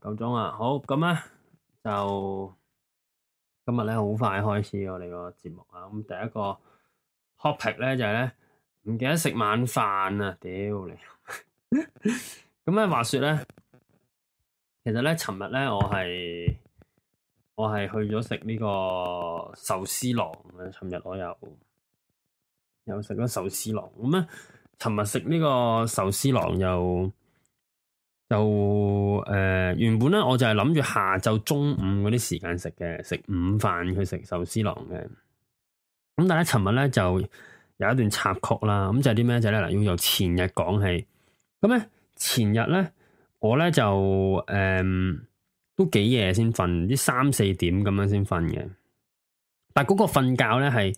九鐘啊，好，咁咧，就今日咧好快開始我哋、這個節目啊。咁第一個 topic 咧就係、是、咧，唔記得食晚飯啊，屌你！ 咁咧話說咧，其實咧，尋日咧我係我係去咗食呢個壽司郎啊。尋日我又又食咗壽司郎。咁咧，尋日食呢個壽司郎又。就誒、呃，原本咧，我就係諗住下晝中午嗰啲時間食嘅，食午飯去食壽司郎嘅。咁但係尋日咧就有一段插曲啦。咁、嗯、就係啲咩就咧、是、嗱，要由前日講起。咁、嗯、咧前日咧，我咧就誒、嗯，都幾夜先瞓，啲三四點咁樣先瞓嘅。但係嗰個瞓覺咧係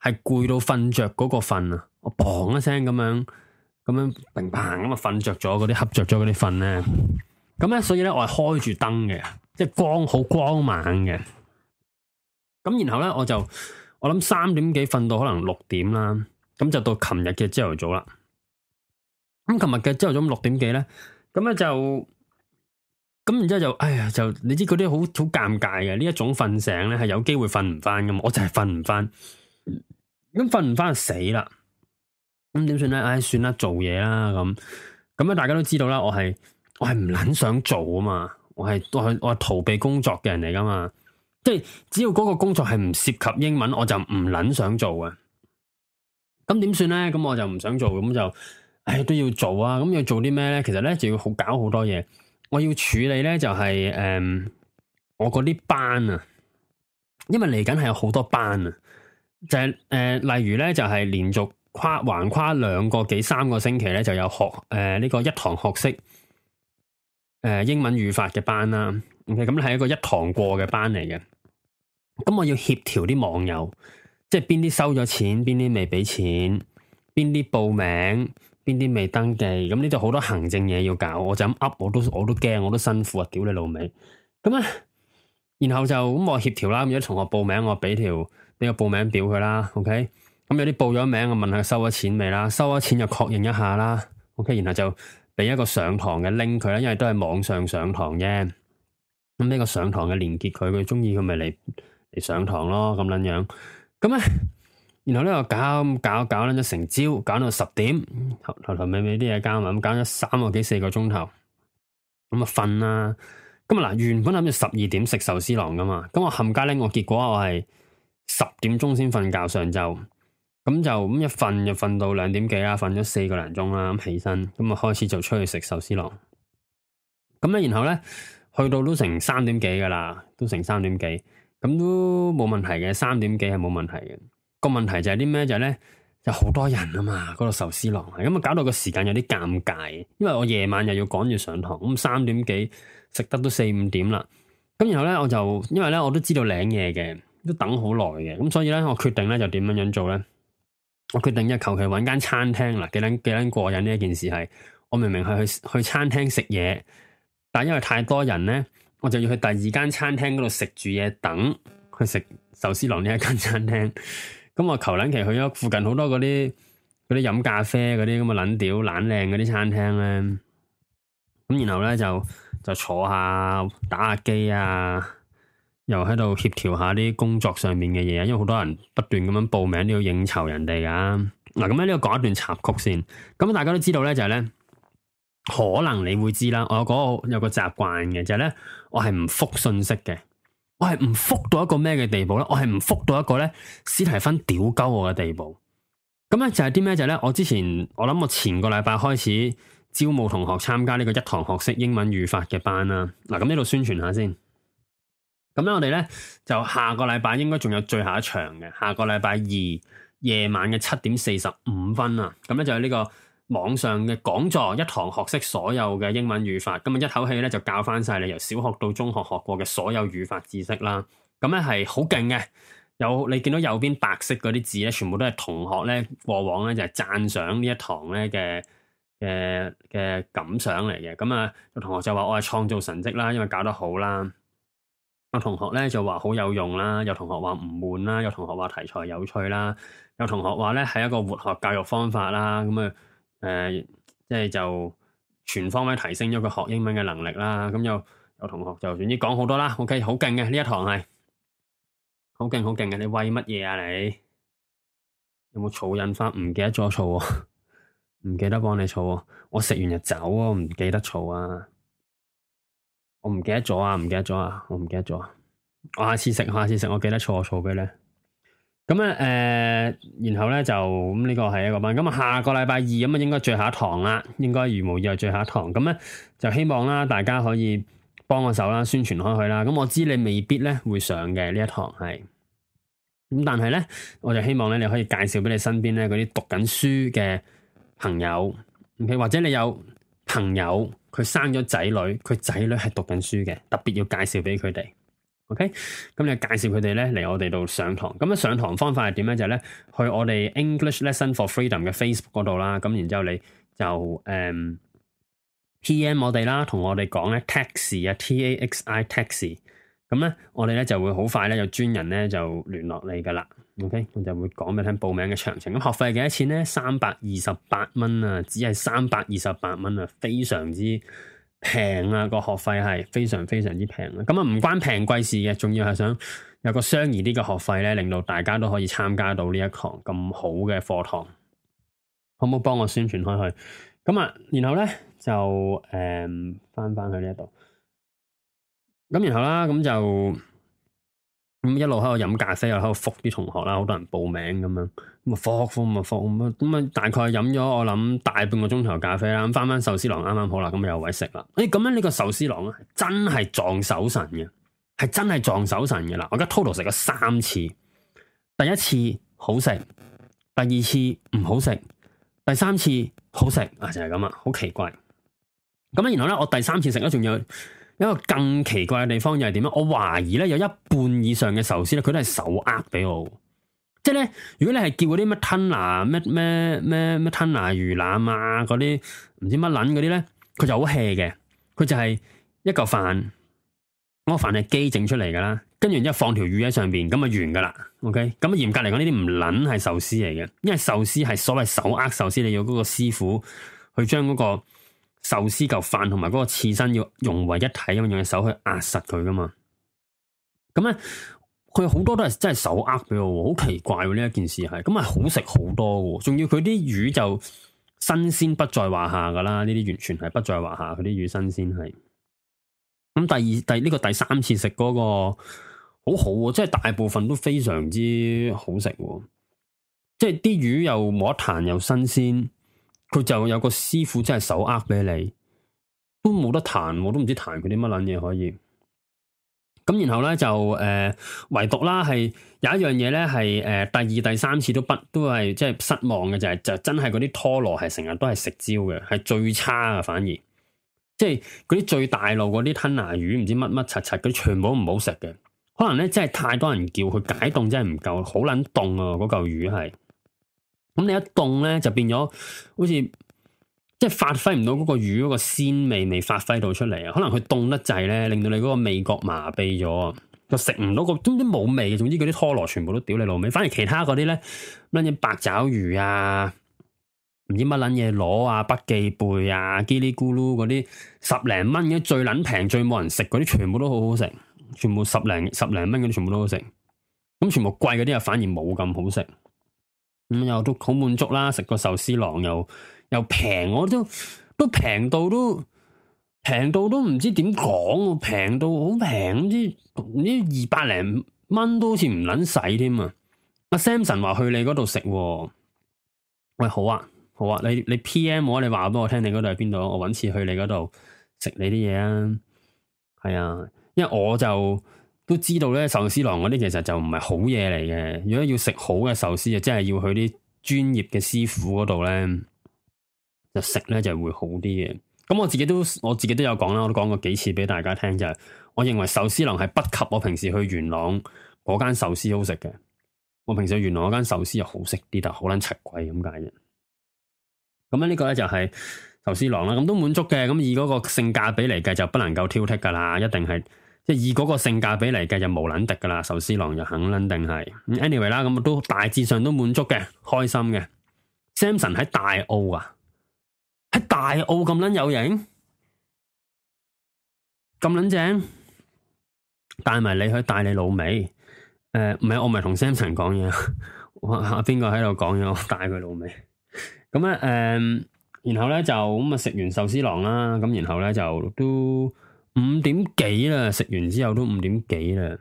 係攰到瞓着嗰個瞓啊！我砰一聲咁樣。咁樣砰砰咁啊，瞓着咗嗰啲，瞌着咗嗰啲瞓咧。咁咧，所以咧，我係開住燈嘅，即係光好光猛嘅。咁然後咧，我就我諗三點幾瞓到可能六點啦。咁就到琴日嘅朝頭早啦。咁琴日嘅朝頭早六點幾咧，咁咧就咁然之後就哎呀，就你知嗰啲好好尷尬嘅呢一種瞓醒咧，係有機會瞓唔翻噶嘛。我就係瞓唔翻，咁瞓唔翻就死啦。咁點算咧？唉、哎，算啦，做嘢啦。咁咁啊，大家都知道啦。我係我係唔捻想做啊嘛。我係我係我係逃避工作嘅人嚟噶嘛。即係只要嗰個工作係唔涉及英文，我就唔捻想做啊。咁點算咧？咁我就唔想做。咁就唉都要做啊。咁要做啲咩咧？其實咧就要好搞好多嘢。我要處理咧就係、是、誒、嗯，我嗰啲班啊，因為嚟緊係有好多班啊，就係、是、誒、呃，例如咧就係、是、連續。跨橫跨兩個幾三個星期咧，就有學誒呢、呃，這個一堂學識誒、呃、英文語法嘅班啦。OK，咁咧係一個一堂過嘅班嚟嘅。咁、嗯、我要協調啲網友，即係邊啲收咗錢，邊啲未俾錢，邊啲報名，邊啲未登記，咁呢就好多行政嘢要搞。我就咁 up，我都我都驚，我都辛苦啊，屌你老味。咁、嗯、啊，然後就咁、嗯、我協調啦，咁如果同學報名，我俾條俾個報名表佢啦。OK、嗯。嗯咁、嗯、有啲報咗名，我問下收咗錢未啦？收咗錢，錢就確認一下啦。OK，然後就畀一個上堂嘅拎佢啦，因為都係網上上堂啫。咁呢個上堂嘅連結佢，佢鍾意，佢咪嚟嚟上堂咯。咁樣樣，咁、嗯、咧，然後咧我搞搞搞，撚咗成朝，搞到十點，頭頭尾尾啲嘢搞埋，咁搞咗三個幾四個鐘頭，咁啊瞓啦。咁啊嗱，原本諗住十二點食壽司郎噶嘛，咁我冚家拎我結果我係十點鐘先瞓覺上晝。咁就咁一瞓就瞓到兩點幾啦，瞓咗四個零鐘啦，咁起身咁啊，開始就出去食壽司郎。咁咧然後咧去到都成三點幾噶啦，都成三點幾，咁都冇問題嘅，三點幾係冇問題嘅。個問題就係啲咩，就係咧有好多人啊嘛，嗰度壽司郎，咁啊搞到個時間有啲尷尬。因為我夜晚又要趕住上堂，咁三點幾食得都四五點啦。咁然後咧我就因為咧我都知道領嘢嘅，都等好耐嘅，咁所以咧我決定咧就點樣樣做咧？我決定就求其揾間餐廳啦，幾捻幾捻過癮呢一件事係，我明明去去餐廳食嘢，但因為太多人呢，我就要去第二間餐廳嗰度食住嘢等去食壽司郎呢一間餐廳，咁、嗯、我求捻其去咗附近好多嗰啲嗰啲飲咖啡嗰啲咁嘅捻屌捻靚嗰啲餐廳咧，咁、嗯、然後咧就就坐下打下機啊。又喺度協調下啲工作上面嘅嘢啊，因為好多人不斷咁樣報名都要應酬人哋噶。嗱，咁咧呢度講一段插曲先。咁大家都知道咧，就係咧，可能你會知啦。我有嗰個有個習慣嘅，就係咧，我係唔覆信息嘅，我係唔覆到一個咩嘅地步咧，我係唔覆到一個咧史提芬屌鳩我嘅地步。咁咧就係啲咩？就係咧，我之前我諗我前個禮拜開始招募同學參加呢個一堂學識英文語法嘅班啦。嗱，咁呢度宣傳下先。咁咧，我哋咧就下個禮拜應該仲有最後一場嘅，下個禮拜二夜晚嘅七點四十五分啊！咁咧就係呢個網上嘅講座一堂，學識所有嘅英文語法，咁啊一口氣咧就教翻晒你由小學到中學學過嘅所有語法知識啦。咁咧係好勁嘅，有你見到右邊白色嗰啲字咧，全部都係同學咧過往咧就係讚賞呢一堂咧嘅嘅嘅感想嚟嘅。咁啊，有同學就話我係創造神跡啦，因為教得好啦。有同學咧就話好有用啦，有同學話唔悶啦，有同學話題材有趣啦，有同學話咧係一個活學教育方法啦，咁啊誒，即係就全方位提升咗佢學英文嘅能力啦，咁又有，有同學就總之講好多啦，OK，好勁嘅呢一堂係好勁好勁嘅，你喂乜嘢啊你？有冇儲印花唔記得咗儲啊？唔記得幫你儲啊？我食完就走啊，唔記得儲啊？我唔記得咗啊，唔記得咗啊，我唔記得咗啊。我下次食，下次食，我記得錯錯畀你。咁啊，誒、呃，然後咧就咁呢、嗯這個係一個班。咁、嗯、啊，下個禮拜二咁啊、嗯，應該最後一堂啦。應該如無意外最後一堂。咁咧就希望啦，大家可以幫我手啦，宣傳開去啦。咁我知你未必咧會上嘅呢一堂係。咁但係咧，我就希望咧，你可以介紹畀你身邊咧嗰啲讀緊書嘅朋友。OK，或者你有朋友。佢生咗仔女，佢仔女係讀緊書嘅，特別要介紹畀佢哋。OK，咁你就介紹佢哋咧嚟我哋度上堂。咁啊上堂方法係點咧？就咧、係、去我哋 English Lesson for Freedom 嘅 Facebook 嗰度啦。咁然之後你就誒、嗯、PM 我哋啦，同我哋講咧 taxi 啊 T A X I taxi。咁咧我哋咧就會好快咧有專人咧就聯絡你噶啦。OK，我就會講俾你聽報名嘅詳情。咁學費幾多錢咧？三百二十八蚊啊，只係三百二十八蚊啊，非常之平啊！個學費係非常非常之平啊！咁啊，唔關平貴事嘅，仲要係想有個相宜啲嘅學費咧，令到大家都可以參加到呢一堂咁好嘅課堂。可唔可以幫我宣傳開佢？咁啊，然後咧就誒翻翻去呢一度。咁、嗯、然後啦，咁就。咁一路喺度飲咖啡，又喺度覆啲同學啦，好多人報名咁樣，咁啊覆覆咁啊覆咁啊，咁啊大概飲咗我諗大半個鐘頭咖啡啦，咁翻翻壽司郎，啱啱好啦，咁有位食啦。誒、欸，咁樣呢個壽司郎啊，真係撞手神嘅，係真係撞手神嘅啦。我而家 total 食咗三次，第一次好食，第二次唔好食，第三次好食啊，就係咁啊，好奇怪。咁啊，然後咧，我第三次食咗仲有。一個更奇怪嘅地方又係點咧？我懷疑咧有一半以上嘅壽司咧，佢都係手握俾我。即係咧，如果你係叫嗰啲乜吞拿、乜乜乜乜吞拿魚腩啊，嗰啲唔知乜捻嗰啲咧，佢就好 hea 嘅。佢就係一嚿飯，我飯係機整出嚟噶啦，跟住然之後放條魚喺上邊，咁啊完噶啦。OK，咁啊嚴格嚟講呢啲唔捻係壽司嚟嘅，因為壽司係所謂手握壽司，你要嗰個師傅去將嗰個。壽司嚿飯同埋嗰個刺身要融為一體，咁樣用手去壓實佢噶嘛。咁咧，佢好多都係真係手握嘅，好奇怪呢一件事係。咁係好食好多嘅，仲要佢啲魚就新鮮不在話下噶啦。呢啲完全係不在話下，佢啲魚新鮮係。咁第二第呢個第三次食嗰個好好啊，即係大部分都非常之好食。即係啲魚又摸彈又新鮮。佢就有個師傅真係手握俾你，都冇得彈，我都唔知彈佢啲乜捻嘢可以。咁然後咧就誒、呃，唯獨啦係有一樣嘢咧係誒，第二第三次都不都係即係失望嘅，就係、是、就真係嗰啲拖羅係成日都係食蕉嘅，係最差嘅反而。即係嗰啲最大路嗰啲吞拿魚，唔知乜乜柒柒，嗰啲全部都唔好食嘅。可能咧真係太多人叫佢解凍，真係唔夠，好撚凍啊！嗰、那、嚿、個、魚係。咁你一凍咧，就變咗好似即係發揮唔到嗰個魚嗰個鮮味，未發揮到出嚟啊！可能佢凍得滯咧，令到你嗰個味覺麻痹咗，就食唔到、個都都冇味。總之嗰啲拖羅全部都屌你老味。反而其他嗰啲咧，乜嘢白爪魚啊，唔知乜撚嘢螺啊、北寄貝啊、嘰里咕嚕嗰啲十零蚊嗰啲最撚平、最冇人食嗰啲，全部都好好食。全部十零十零蚊嗰啲全部都好食。咁全部貴嗰啲啊，反而冇咁好食。咁、嗯、又都好滿足啦，食個壽司郎又又平，我都都平到都平到都唔知點講、啊，平到好平，啲啲二百零蚊都好似唔撚使添啊！阿 Samson 話去你嗰度食，喂好啊好啊，你你 PM 我、啊，你話俾我聽，你嗰度喺邊度，我搵次去你嗰度食你啲嘢啊！係啊，因為我就。都知道咧壽司郎嗰啲其實就唔係好嘢嚟嘅，如果要食好嘅壽司，即係要去啲專業嘅師傅嗰度咧，就食咧就會好啲嘅。咁我自己都我自己都有講啦，我都講過幾次俾大家聽就係、是，我認為壽司郎係不及我平時去元朗嗰間壽司好食嘅。我平時去元朗嗰間壽司又好食啲，但好撚柒貴咁解嘅。咁樣呢個咧就係壽司郎啦，咁都滿足嘅。咁以嗰個性價比嚟計，就不能夠挑剔噶啦，一定係。即係以嗰個性價比嚟計就無撚敵噶啦，壽司郎就肯撚定係。anyway 啦，咁都大致上都滿足嘅，開心嘅。Samson 喺大澳啊，喺大澳咁撚有型，咁撚正。帶埋你去帶你老味？誒、呃，唔係我唔係同 Samson 講嘢，我邊個喺度講嘢，我帶佢老味。咁咧，誒、嗯，然後咧就咁啊，食完壽司郎啦，咁然後咧就都。五點幾啦，食完之後都五點幾啦。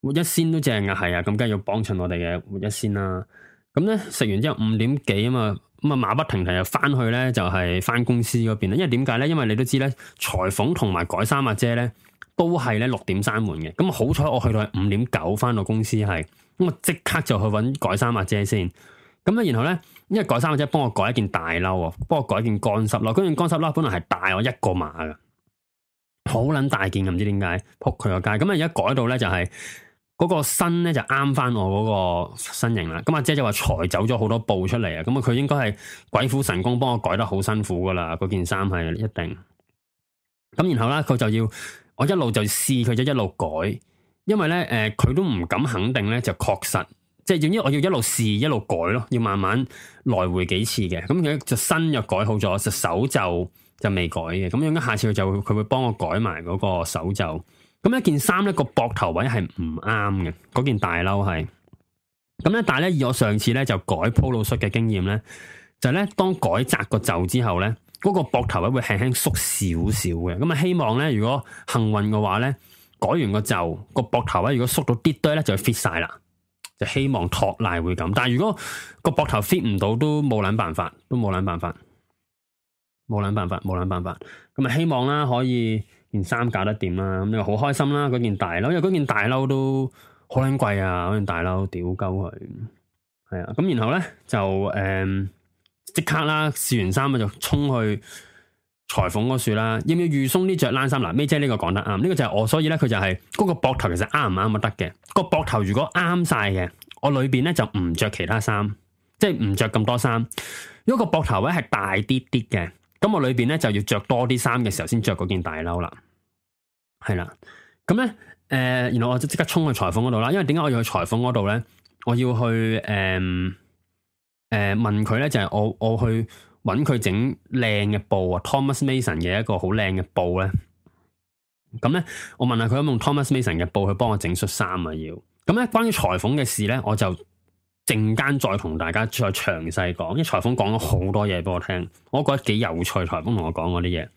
活一仙都正啊，係啊，咁梗係要幫襯我哋嘅活一仙啦、啊。咁咧食完之後五點幾啊嘛，咁啊馬不停蹄又翻去咧，就係、是、翻公司嗰邊啦。因為點解咧？因為你都知咧，裁縫同埋改衫阿姐咧，都係咧六點閂門嘅。咁好彩，我去到係五點九翻到公司係，咁啊即刻就去搵改衫阿姐先。咁、嗯、咧然後咧。一改衫或者幫我改一件大褸啊、喔，幫我改一件乾濕褸。嗰件乾濕褸本來係大我一個碼嘅，好撚大件嘅，唔知點解仆佢個街。咁啊，而家改到咧就係、是、嗰、那個身咧就啱翻我嗰個身形啦。咁、啊、阿姐就話裁走咗好多布出嚟啊。咁啊，佢應該係鬼斧神工幫我改得好辛苦噶啦。嗰件衫係一定。咁然後咧，佢就要我一路就試佢，就一路改。因為咧，誒、呃，佢都唔敢肯定咧，就確實。即係，總之我要一路試一路改咯，要慢慢來回幾次嘅。咁佢就身又改好咗，手袖就未改嘅。咁樣，下次佢就佢會幫我改埋嗰個手袖。咁一件衫咧，個膊頭位係唔啱嘅，嗰件大褸係。咁咧，但係咧以我上次咧就改 polo 恤嘅經驗咧，就咧、係、當改窄個袖之後咧，嗰、嗰個膊頭位會輕輕縮少少嘅。咁啊，希望咧如果幸運嘅話咧，改完個袖個膊頭位如果縮到啲堆咧，就 fit 晒啦。希望託賴會咁，但係如果個膊頭 fit 唔到，都冇捻辦法，都冇捻辦法，冇捻辦法，冇捻辦法。咁啊，希望啦，可以件衫搞得掂啦。咁又好開心啦，嗰件大褸，因為嗰件大褸都好捻貴啊，嗰件大褸，屌鳩佢，係啊。咁然後咧就誒，即刻啦試完衫啊，就衝去。裁縫嗰處啦，要唔要預鬆啲着冷衫啦？嗱，May 姐呢個講得啱，呢、這個就係我所以咧、就是，佢就係嗰個膊頭其實啱唔啱得嘅。個膊頭如果啱晒嘅，我裏邊咧就唔着其他衫，即係唔着咁多衫。如果個膊頭位係大啲啲嘅，咁我裏邊咧就要着多啲衫嘅時候先着嗰件大褸啦。係啦，咁咧誒，然後我就即刻衝去裁縫嗰度啦。因為點解我要去裁縫嗰度咧？我要去誒誒、呃呃、問佢咧，就係、是、我我去。揾佢整靚嘅布啊，Thomas Mason 嘅一個好靚嘅布咧，咁咧我問下佢可唔用 Thomas Mason 嘅布去幫我整恤衫啊要？咁咧關於裁縫嘅事咧，我就陣間再同大家再詳細講，因為裁縫講咗好多嘢俾我聽，我覺得幾有趣。裁縫同我講嗰啲嘢，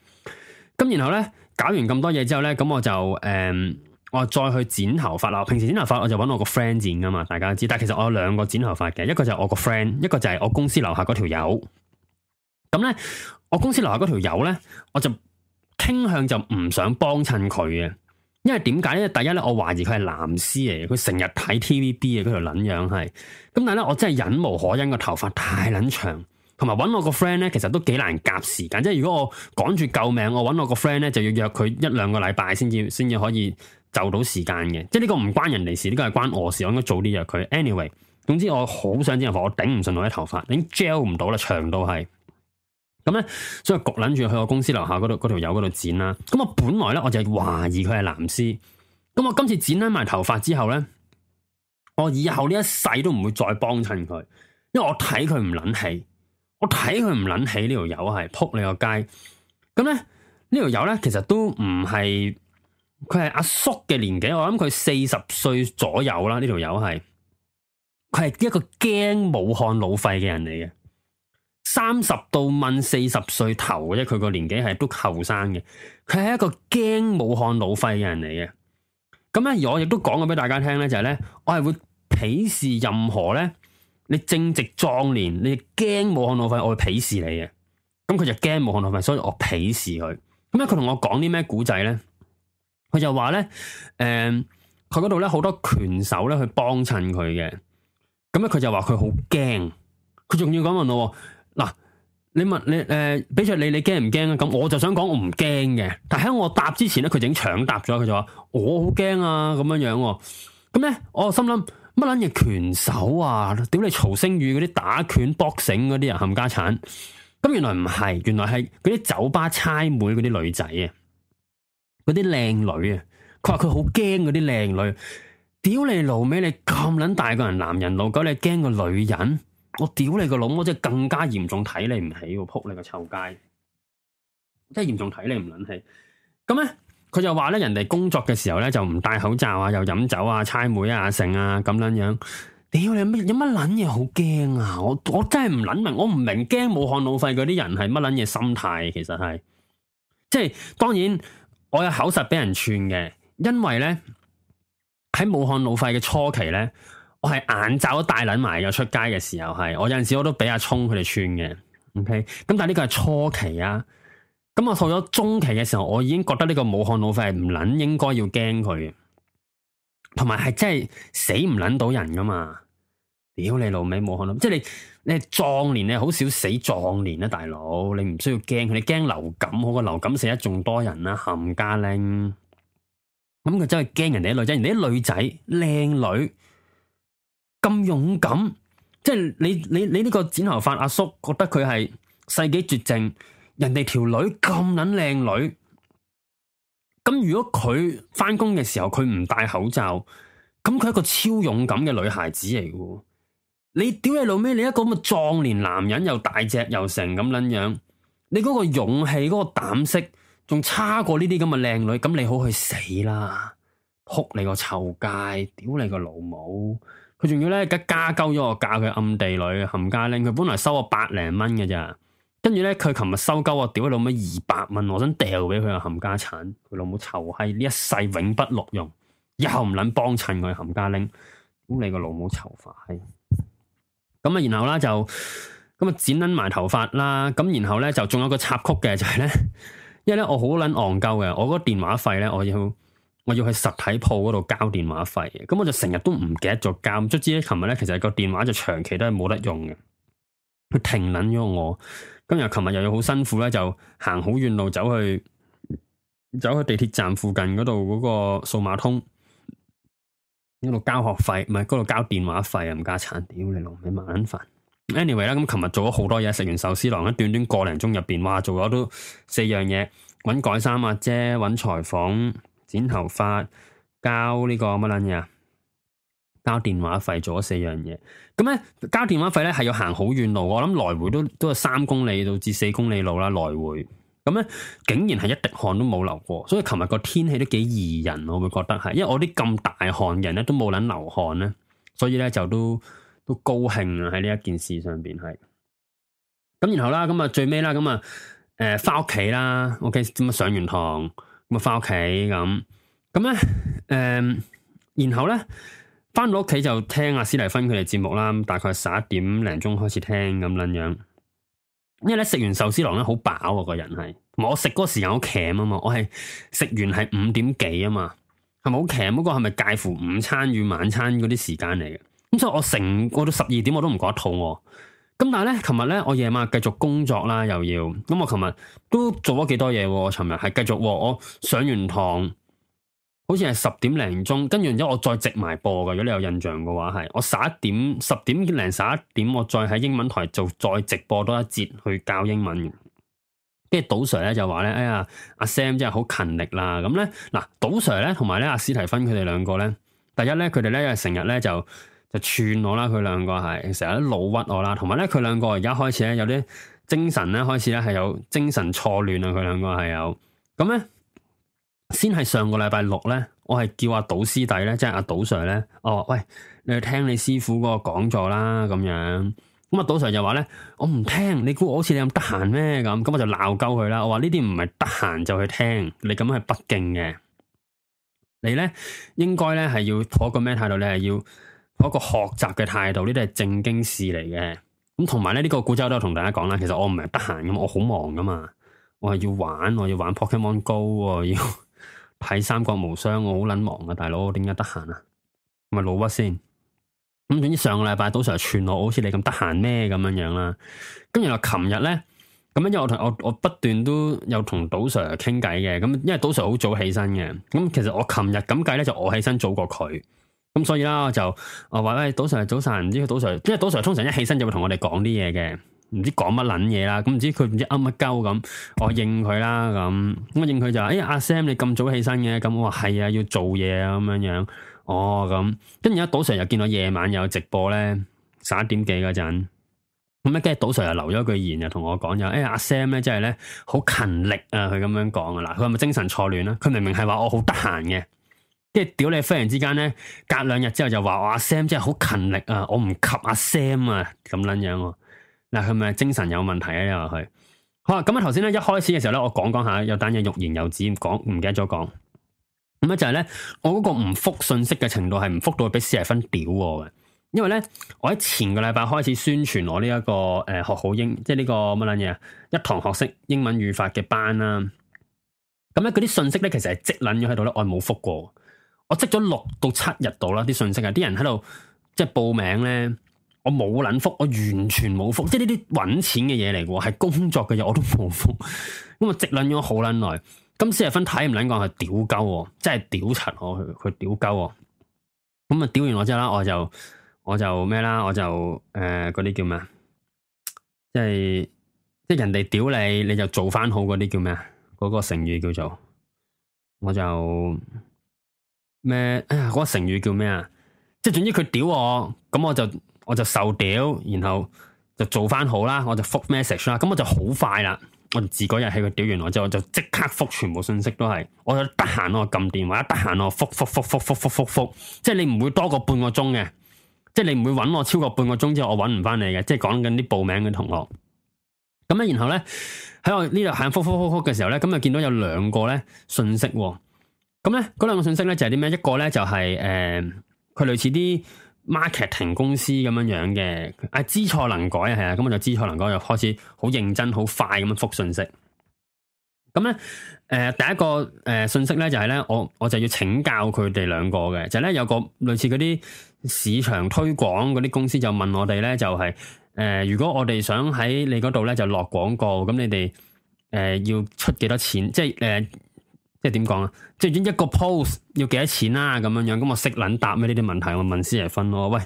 咁然後咧搞完咁多嘢之後咧，咁我就誒、呃、我再去剪頭髮啦。平時剪頭髮我就揾我個 friend 剪噶嘛，大家知。但係其實我有兩個剪頭髮嘅，一個就係我個 friend，一個就係我公司樓下嗰條友。咁咧，我公司樓下嗰條友咧，我就傾向就唔想幫襯佢嘅，因為點解咧？第一咧，我懷疑佢係藍絲嚟嘅，佢成日睇 TVB 嘅嗰條撚樣係。咁但係咧，我真係忍無可忍，個頭髮太撚長，同埋揾我個 friend 咧，其實都幾難夾時間。即係如果我趕住救命，我揾我個 friend 咧，就要約佢一兩個禮拜先至先至可以就到時間嘅。即係呢個唔關人哋事，呢個係關我事，我應該早啲約佢。Anyway，總之我好想剪頭髮，我頂唔順我啲頭髮，已經 gel 唔到啦，長到係。咁咧、嗯，所以焗捻住去我公司樓下嗰度，嗰條友嗰度剪啦。咁我本來咧，我就懷疑佢係藍絲。咁我今次剪甩埋頭髮之後咧，我以後呢一世都唔會再幫襯佢，因為我睇佢唔捻起，我睇佢唔捻起呢條友係扑你個街。咁咧，這個、呢條友咧其實都唔係，佢係阿叔嘅年紀，我諗佢四十歲左右啦。呢條友係，佢係一個驚武漢老廢嘅人嚟嘅。三十到問四十歲頭嘅啫，佢個年紀係都後生嘅。佢係一個驚武漢老廢嘅人嚟嘅。咁咧，我亦都講過俾大家聽咧，就係、是、咧，我係會鄙視任何咧，你正值壯年，你驚武漢老廢，我會鄙視你嘅。咁佢就驚武漢老廢，所以我鄙視佢。咁咧，佢同、呃、我講啲咩古仔咧？佢就話咧，誒，佢嗰度咧好多拳手咧去幫襯佢嘅。咁咧，佢就話佢好驚，佢仲要咁問咯。你問你誒俾、呃、着你你驚唔驚咧？咁我就想講我唔驚嘅，但喺我答之前咧，佢整搶答咗，佢就話我好驚啊咁樣樣。咁咧，我，啊啊啊、我心諗乜撚嘢拳手啊？屌你曹星宇嗰啲打拳搏醒嗰啲人冚家鏟。咁原來唔係，原來係嗰啲酒吧猜妹嗰啲女仔啊，嗰啲靚女啊。佢話佢好驚嗰啲靚女，屌你老味，你咁撚大個人，男人老狗你驚個女人？我屌你個腦，我即係更加嚴重睇你唔起，撲你個臭街，即係嚴重睇你唔捻起。咁咧，佢就話咧，人哋工作嘅時候咧就唔戴口罩啊，又飲酒啊，猜枚啊，阿成啊咁樣樣。屌你咩，有乜捻嘢好驚啊？我我真係唔捻明，我唔明驚武漢路費嗰啲人係乜捻嘢心態，其實係。即係當然，我有口實俾人串嘅，因為咧喺武漢路費嘅初期咧。係眼罩都帶捻埋，又出街嘅時候係，我有陣時我都俾阿聰佢哋穿嘅，OK，咁但係呢個係初期啊，咁我到咗中期嘅時候，我已經覺得呢個武漢老肺係唔捻應該要驚佢，同埋係真係死唔捻到人噶嘛，屌你老味，武漢老，即係你你壯年你好少死壯年啊，大佬，你唔需要驚佢，你驚流感好過流感死得仲多人啦、啊，冚家拎，咁佢真係驚人哋啲女仔，人哋啲女仔靚女。咁勇敢，即係你你你呢個剪頭髮阿叔，叔覺得佢係世紀絕症，人哋條女咁捻靚女，咁如果佢翻工嘅時候佢唔戴口罩，咁佢係一個超勇敢嘅女孩子嚟嘅，你屌你老尾，你一個咁嘅壯年男人又大隻又成咁捻樣，你嗰個勇氣嗰個膽識仲差過呢啲咁嘅靚女，咁你好去死啦，撲你個臭街，屌你個老母！佢仲要咧，梗加鳩咗我價，佢暗地裏冚家拎。佢本來收我百零蚊嘅咋，跟住咧佢琴日收鳩我屌老母二百蚊，我想掉俾佢個冚家鏟。佢老母臭閪呢一世永不落用，又唔撚幫襯我冚家拎。咁你個老母臭閪咁啊，然後啦就咁啊剪捻埋頭髮啦，咁然後咧就仲有個插曲嘅就係咧，因為咧我好捻戇鳩嘅，我個電話費咧我要。我要去實體鋪嗰度交電話費，咁我就成日都唔記得做交。卒之咧，琴日咧，其實個電話就長期都係冇得用嘅，佢停捻咗我。今日琴日又要好辛苦咧，就行好遠路走去走去地鐵站附近嗰度嗰個數碼通嗰度交學費，唔係嗰度交電話費啊！唔加慘，屌你老味，麻撚煩。anyway 啦，咁琴日做咗好多嘢，食完壽司郎，喺短短個零鐘入邊，哇，做咗都四樣嘢，搵改衫啊姐，搵裁縫。剪頭髮，交呢、這個乜撚嘢啊？交電話費，做咗四樣嘢。咁、嗯、咧，交電話費咧係要行好遠路，我諗來回都都係三公里到至四公里路啦，來回。咁、嗯、咧，竟然係一滴汗都冇流過，所以琴日個天氣都幾宜人，我會覺得係，因為我啲咁大汗人咧都冇撚流汗咧，所以咧就都都高興啊喺呢一件事上邊係。咁、嗯、然後啦，咁、嗯、啊最尾啦，咁啊誒翻屋企啦，OK，點啊上完堂。咁啊，翻屋企咁，咁咧，誒、嗯，然後咧，翻到屋企就聽阿、啊、斯麗芬佢哋節目啦，大概十一點零鐘開始聽咁樣樣。因為咧食完壽司郎咧好飽啊，個人係，我食嗰個時間好鉗啊嘛，我係食完係五點幾啊嘛，係咪好鉗？不過係咪介乎午餐與晚餐嗰啲時間嚟嘅？咁所以我成我到十二點我都唔覺得肚餓喎。咁但係咧，琴日咧，我夜晚繼續工作啦，又要咁我琴日都做咗幾多嘢。我琴日係繼續，我上完堂，好似係十點零鐘，跟住之後我再直埋播嘅。如果你有印象嘅話，係我十一點十點零十一點，我再喺英文台做再直播多一節去教英文。跟住賭 Sir 咧就話咧，哎呀，阿、啊、Sam 真係好勤力啦。咁咧嗱，賭 Sir 咧同埋咧阿史提芬佢哋兩個咧，第一咧佢哋咧成日咧就。就串我啦，佢兩個係成日都老屈我啦，同埋咧佢兩個而家開始咧有啲精神咧開始咧係有精神錯亂啊，佢兩個係有咁咧，先係上個禮拜六咧，我係叫阿、啊、賭師弟咧，即係阿賭 Sir 咧，我話喂，你去聽你師傅嗰個講座啦，咁樣咁啊，賭 Sir 就話咧，我唔聽，你估我好似你咁得閒咩咁，咁我就鬧鳩佢啦，我話呢啲唔係得閒就去聽，你咁樣係不敬嘅，你咧應該咧係要攞個咩態度，你係要。這個嗰個學習嘅態度，呢啲係正經事嚟嘅。咁同埋咧，呢、這個古仔都有同大家講啦。其實我唔係得閒噶，我好忙噶嘛。我係要玩，我要玩 Pokemon Go，要睇三國無雙，我好撚忙噶、啊，大佬。點解得閒啊？咪老屈先。咁總之上個禮拜，賭 Sir 傳我，我好似你咁得閒咩咁樣樣啦。咁然後琴日咧，咁因為我同我我不斷都有同賭 Sir 傾偈嘅。咁因為賭 Sir 好早起身嘅。咁其實我琴日咁計咧，就我起身早過佢。咁、 嗯、所以啦，我就我話、哦、喂，賭 Sir 早晨賭 Sir 唔知個賭 Sir，因為賭 Sir，通常一起身就會同我哋講啲嘢嘅，唔知講乜撚嘢啦，咁唔知佢唔知噏乜鳩咁，我應佢啦咁，我應佢就誒阿 Sam 你咁早起身嘅，咁我話係啊，要做嘢啊咁樣樣，哦咁，跟住咧賭 Sir 又見到夜晚有直播咧，十、嗯嗯啊、一點幾嗰陣，咁啊跟住賭 Sir 又留咗句言又，又同我講就誒阿 Sam 咧真係咧好勤力啊，佢咁樣講啊嗱，佢係咪精神錯亂啊？佢明明係話我好得閒嘅。即係屌你！忽然之間咧，隔兩日之後就話阿 Sam，真係好勤力啊！我唔及阿 Sam 啊，咁撚樣喎、啊。嗱、啊，係咪精神有問題啊？你話佢。好啊，咁啊頭先咧一開始嘅時候咧，我講講下有單嘢欲言又止，講唔記得咗講。咁咧就係咧，我嗰個唔復信息嘅程度係唔復到俾四十分屌我嘅，因為咧我喺前個禮拜開始宣傳我呢、這、一個誒、呃、學好英，即係、這、呢個乜撚嘢一堂學識英文語法嘅班啦、啊。咁咧嗰啲信息咧其實係積撚咗喺度咧，我冇復過。我積咗六到七日度啦，啲信息啊，啲人喺度即係報名咧，我冇撚覆，我完全冇覆，即係呢啲搵錢嘅嘢嚟嘅，係工作嘅嘢我都冇覆，咁啊積撚咗好撚耐，今次係分體唔撚講係屌鳩，即係屌陳我去佢屌鳩，咁啊屌完我之後啦，我就我就咩啦，我就誒嗰啲叫咩，即係即係人哋屌你，你就做翻好嗰啲叫咩啊？嗰、嗰個成語叫做，我就。咩？哎呀，嗰個成語叫咩啊？即係總之佢屌我，咁我就我就受屌，然後就做翻好啦，我就覆 message 啦。咁我就好快啦。我自嗰日喺佢屌完我之後，我就即刻覆全部信息都係。我得閒我撳電話，得閒我覆复复复复复复覆，即係你唔會多過半個鐘嘅。即係你唔會搵我超過半個鐘之後，我搵唔翻你嘅。即係講緊啲報名嘅同學。咁咧，然後咧喺我呢度行覆复复覆嘅時候咧，咁啊見到有兩個咧信息。咁咧，嗰兩個信息咧就係啲咩？一個咧就係、是、誒，佢、呃、類似啲 marketing 公司咁樣樣嘅，啊知錯能改啊，係啊，咁我就知錯能改，就開始好認真、好快咁樣覆信息。咁、嗯、咧，誒、呃、第一個誒、呃、信息咧就係、是、咧，我我就要請教佢哋兩個嘅，就咧、是、有個類似嗰啲市場推廣嗰啲公司就問我哋咧，就係、是、誒、呃，如果我哋想喺你嗰度咧就落廣告，咁你哋誒、呃、要出幾多錢？即係誒。呃即係點講啊？即係一個 post 要幾多錢啦，啊？咁樣樣，咁我識卵答咩呢啲問題？我問施爺芬咯。喂，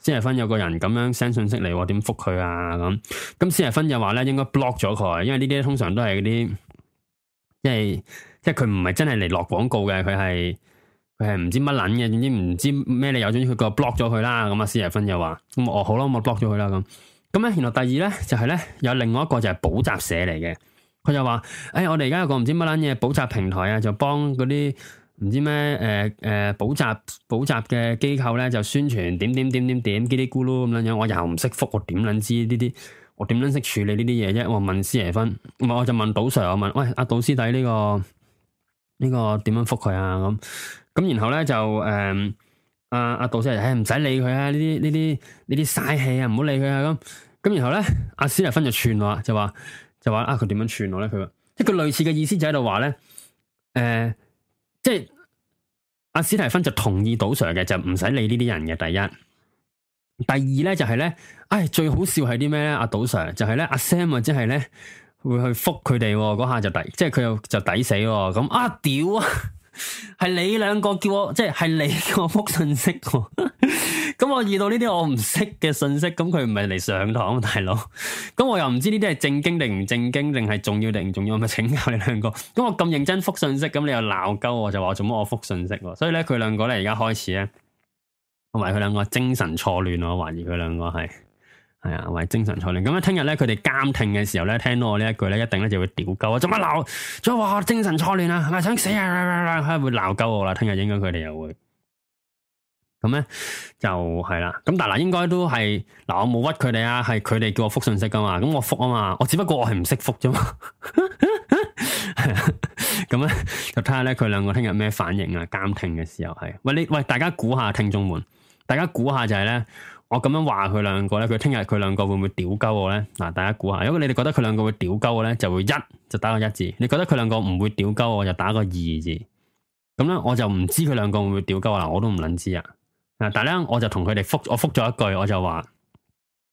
施爺芬有個人咁樣 send 信息嚟，我點覆佢啊？咁咁司爺芬就話咧，應該 block 咗佢，因為呢啲通常都係嗰啲，即係即係佢唔係真係嚟落廣告嘅，佢係佢係唔知乜卵嘅，總之唔知咩理由，總之佢個 block 咗佢啦。咁啊，施爺芬又話，咁我好咯，我 block 咗佢啦。咁咁咧，然後第二咧就係、是、咧，有另外一個就係補習社嚟嘅。佢就話，誒、欸，我哋而家有個唔知乜捻嘢補習平台啊，就幫嗰啲唔知咩誒誒補習補習嘅機構咧，就宣傳點點點點點嘰里咕嚕咁樣樣。我又唔識覆，我點捻知呢啲？我點捻識處理呢啲嘢啫？我問施爺芬。啊」我我就問賭 Sir，我問，喂，阿導師弟呢個呢個點樣覆佢啊？咁咁、這個這個啊、然後咧就誒，阿阿導師誒，唔使理佢啊！呢啲呢啲呢啲嘥氣啊，唔好理佢啊！咁咁、啊、然後咧，阿施爺芬就串我，就話。就話啊，佢點樣串我咧？佢話即係佢類似嘅意思就喺度話咧，誒、呃，即係阿、啊、史提芬就同意賭 Sir 嘅，就唔使理呢啲人嘅。第一，第二咧就係、是、咧，唉、哎，最好笑係啲咩咧？阿、啊、賭 Sir 就係咧、啊，阿 Sam 啊，即係咧會去覆佢哋，嗰下就抵，即係佢又就抵死喎。咁啊，屌啊！係你兩個叫我，即係你叫我覆信息，喔、 信息。咁 我遇到呢啲我唔識嘅信息，咁佢唔係嚟上堂大佬，咁我又唔知呢啲係正經定唔正經，定係重要定唔重要，咪請教你兩個。咁我咁認真覆信息，咁你又鬧鳩我，就話做乜我覆信息。所以咧，佢兩個咧而家開始咧，同埋佢兩個精神錯亂，我懷疑佢兩個係。係啊，喂、哎、精神錯亂咁咧，聽日咧佢哋監聽嘅時候咧，聽到我呢一句咧，一定咧就會屌鳩啊，做乜鬧？再話精神錯亂啊，係咪想死啊！佢、呃呃呃、會鬧鳩我啦，聽日應該佢哋又會，咁咧就係啦。咁但嗱，應該都係嗱，我冇屈佢哋啊，係佢哋叫我復信息噶嘛，咁我復啊嘛，我只不過我係唔識復啫嘛。咁咧就睇下咧，佢兩個聽日咩反應啊？監聽嘅時候係喂你喂，大家估下聽眾們，大家估下就係咧。我咁樣話佢兩個咧，佢聽日佢兩個會唔會屌鳩我咧？嗱，大家估下，如果你哋覺得佢兩個會屌鳩我咧，就會一就打個一字；你覺得佢兩個唔會屌鳩我，就打個二字。咁咧，我就唔知佢兩個會唔會屌鳩我啦，我都唔捻知啊。嗱，但係咧，我就同佢哋復，我復咗一句，我就話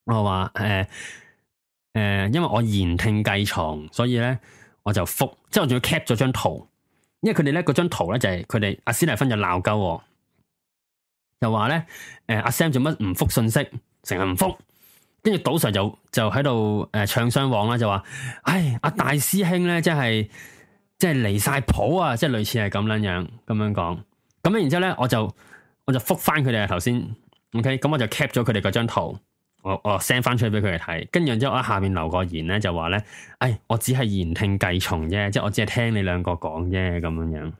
我話誒誒，因為我言聽計從，所以咧我就復，即係我仲要 cap 咗張圖，因為佢哋咧嗰張圖咧就係佢哋阿斯蒂芬就鬧鳩我。又話咧，誒，阿、啊、Sam 做乜唔覆信息，成日唔覆，跟住賭 Sir 就就喺度誒唱雙簧啦，就話，唉，阿、啊、大師兄咧，即係即係離晒譜啊，即係類似係咁樣樣咁樣講，咁然之後咧，我就我就覆翻佢哋頭先，OK，咁我就 cap 咗佢哋嗰張圖，我我 send 翻出去俾佢哋睇，跟住然之後我喺下面留個言咧，就話咧，唉，我只係言聽計從啫，即係我只係聽你兩個講啫，咁樣樣，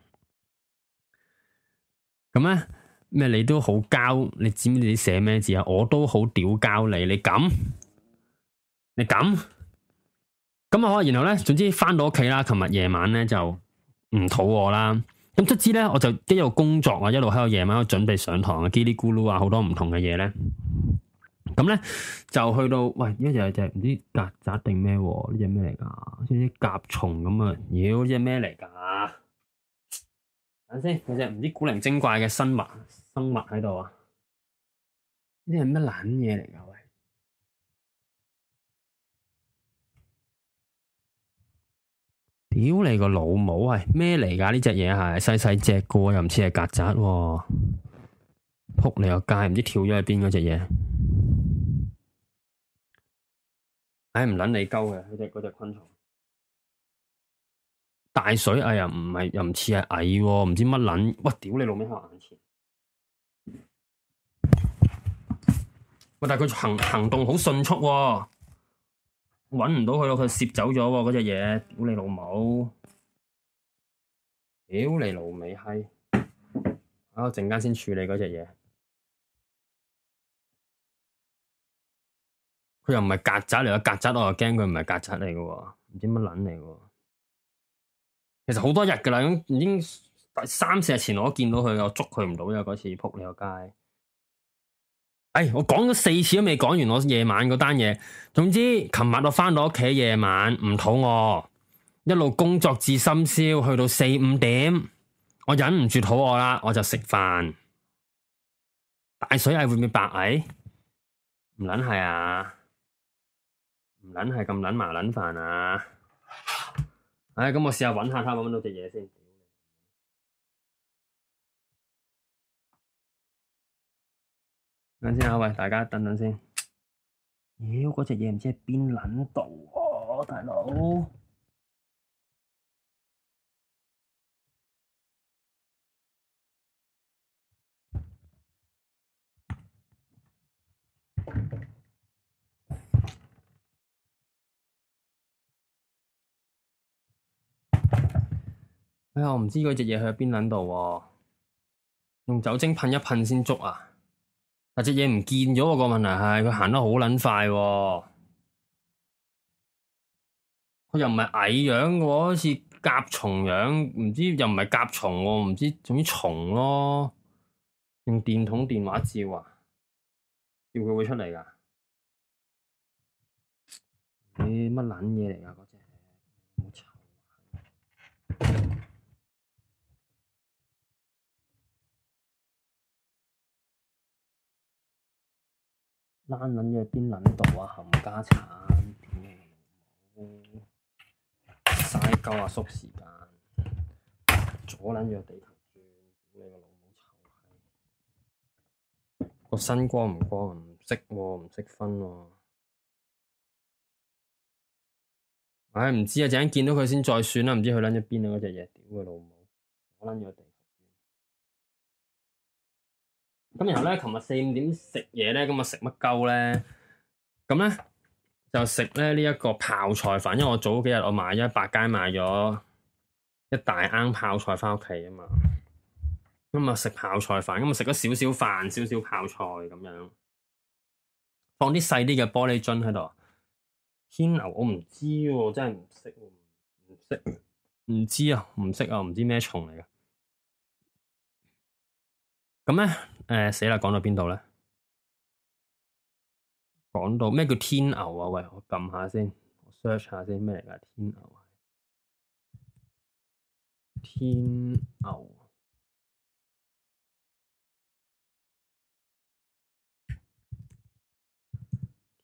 咁咧。咩你都好膠，你知唔知你寫咩字啊？我都好屌膠你，你咁，你咁，咁啊！然後咧，總之翻到屋企啦。琴日夜晚咧就唔肚餓啦。咁卒之咧，我就一路工作啊，一路喺度夜晚準備上堂啊，嘰里咕嚕啊，好多唔同嘅嘢咧。咁咧就去到喂，呢隻隻唔知曱甴定咩？呢隻咩嚟噶？好似啲甲蟲咁啊！妖，呢隻咩嚟噶？等先，嗰隻唔知古靈精怪嘅生物。生物喺度啊！哎哎、啊呢啲係乜撚嘢嚟噶？喂！屌你個老母啊！咩嚟噶呢隻嘢係細細隻個，又唔似係曱甴，撲你個街，唔知跳咗去邊嗰隻嘢。唉，唔撚你鳩嘅，佢隻嗰隻昆蟲。大水哎呀，唔係又唔似係蟻，唔知乜撚。喂，屌你老咩但係佢行行動好迅速，啊，搵唔到佢咯，佢攝走咗嗰隻嘢。屌、那個、你老母！屌你老味閪！啊，陣間先處理嗰隻嘢。佢又唔係曱甴嚟，曱甴我又驚佢唔係曱甴嚟嘅，唔知乜撚嚟嘅。其實好多日噶啦，已經三四日前我都見到佢，我捉佢唔到咋，嗰次扑你個街。哎、我講咗四次都未講完我夜晚嗰單嘢。總之，琴晚我返到屋企夜晚唔肚餓，一路工作至深宵，去到四五點，我忍唔住肚餓啦，我就食飯。大水係會唔會白蟻？唔捻係啊？唔捻係咁捻麻捻煩啊？唉、哎，咁我試下揾下睇下揾到隻嘢先。等陣先啊喂，大家等等先。妖，嗰隻嘢唔知喺邊撚度哦，大佬。哎呀，我唔知嗰隻嘢去喺邊撚度喎。用酒精噴一噴先捉啊！嗱，隻嘢唔見咗，個問題係佢行得好撚快，哦，佢又唔係矮樣嘅，好似甲蟲樣，唔知又唔係甲蟲，哦，唔知總之蟲咯。用電筒、電話照啊，叫佢會出嚟噶？咦、欸，乜撚嘢嚟噶？嗰隻。躝撚咗去邊撚度啊！冚家產，點、嗯、樣？嘥鳩阿叔時間，阻撚住個地球轉，你個老母臭閪！個新光唔光，唔識喎，唔識分喎、啊。唉，唔知啊，陣間見到佢先再算啦。唔知佢撚咗邊啊？嗰隻嘢，屌佢老母！阻撚住個地。咁然後呢，琴日四五點食嘢呢，咁啊食乜鳩呢？咁咧就食呢一、這個泡菜飯，因為我早幾日我買咗百佳買咗一大盎泡菜返屋企啊嘛。咁啊食泡菜飯，咁啊食咗少少飯，少少泡菜咁樣，放啲細啲嘅玻璃樽喺度。天牛我唔知喎、啊，真係唔識，唔識，唔知啊，唔識啊，唔知咩蟲嚟嘅。咁咧～誒，死啦、呃！講到邊度咧？講到咩叫天牛啊？喂，我撳下先，我 search 下先，咩嚟噶？天牛，天牛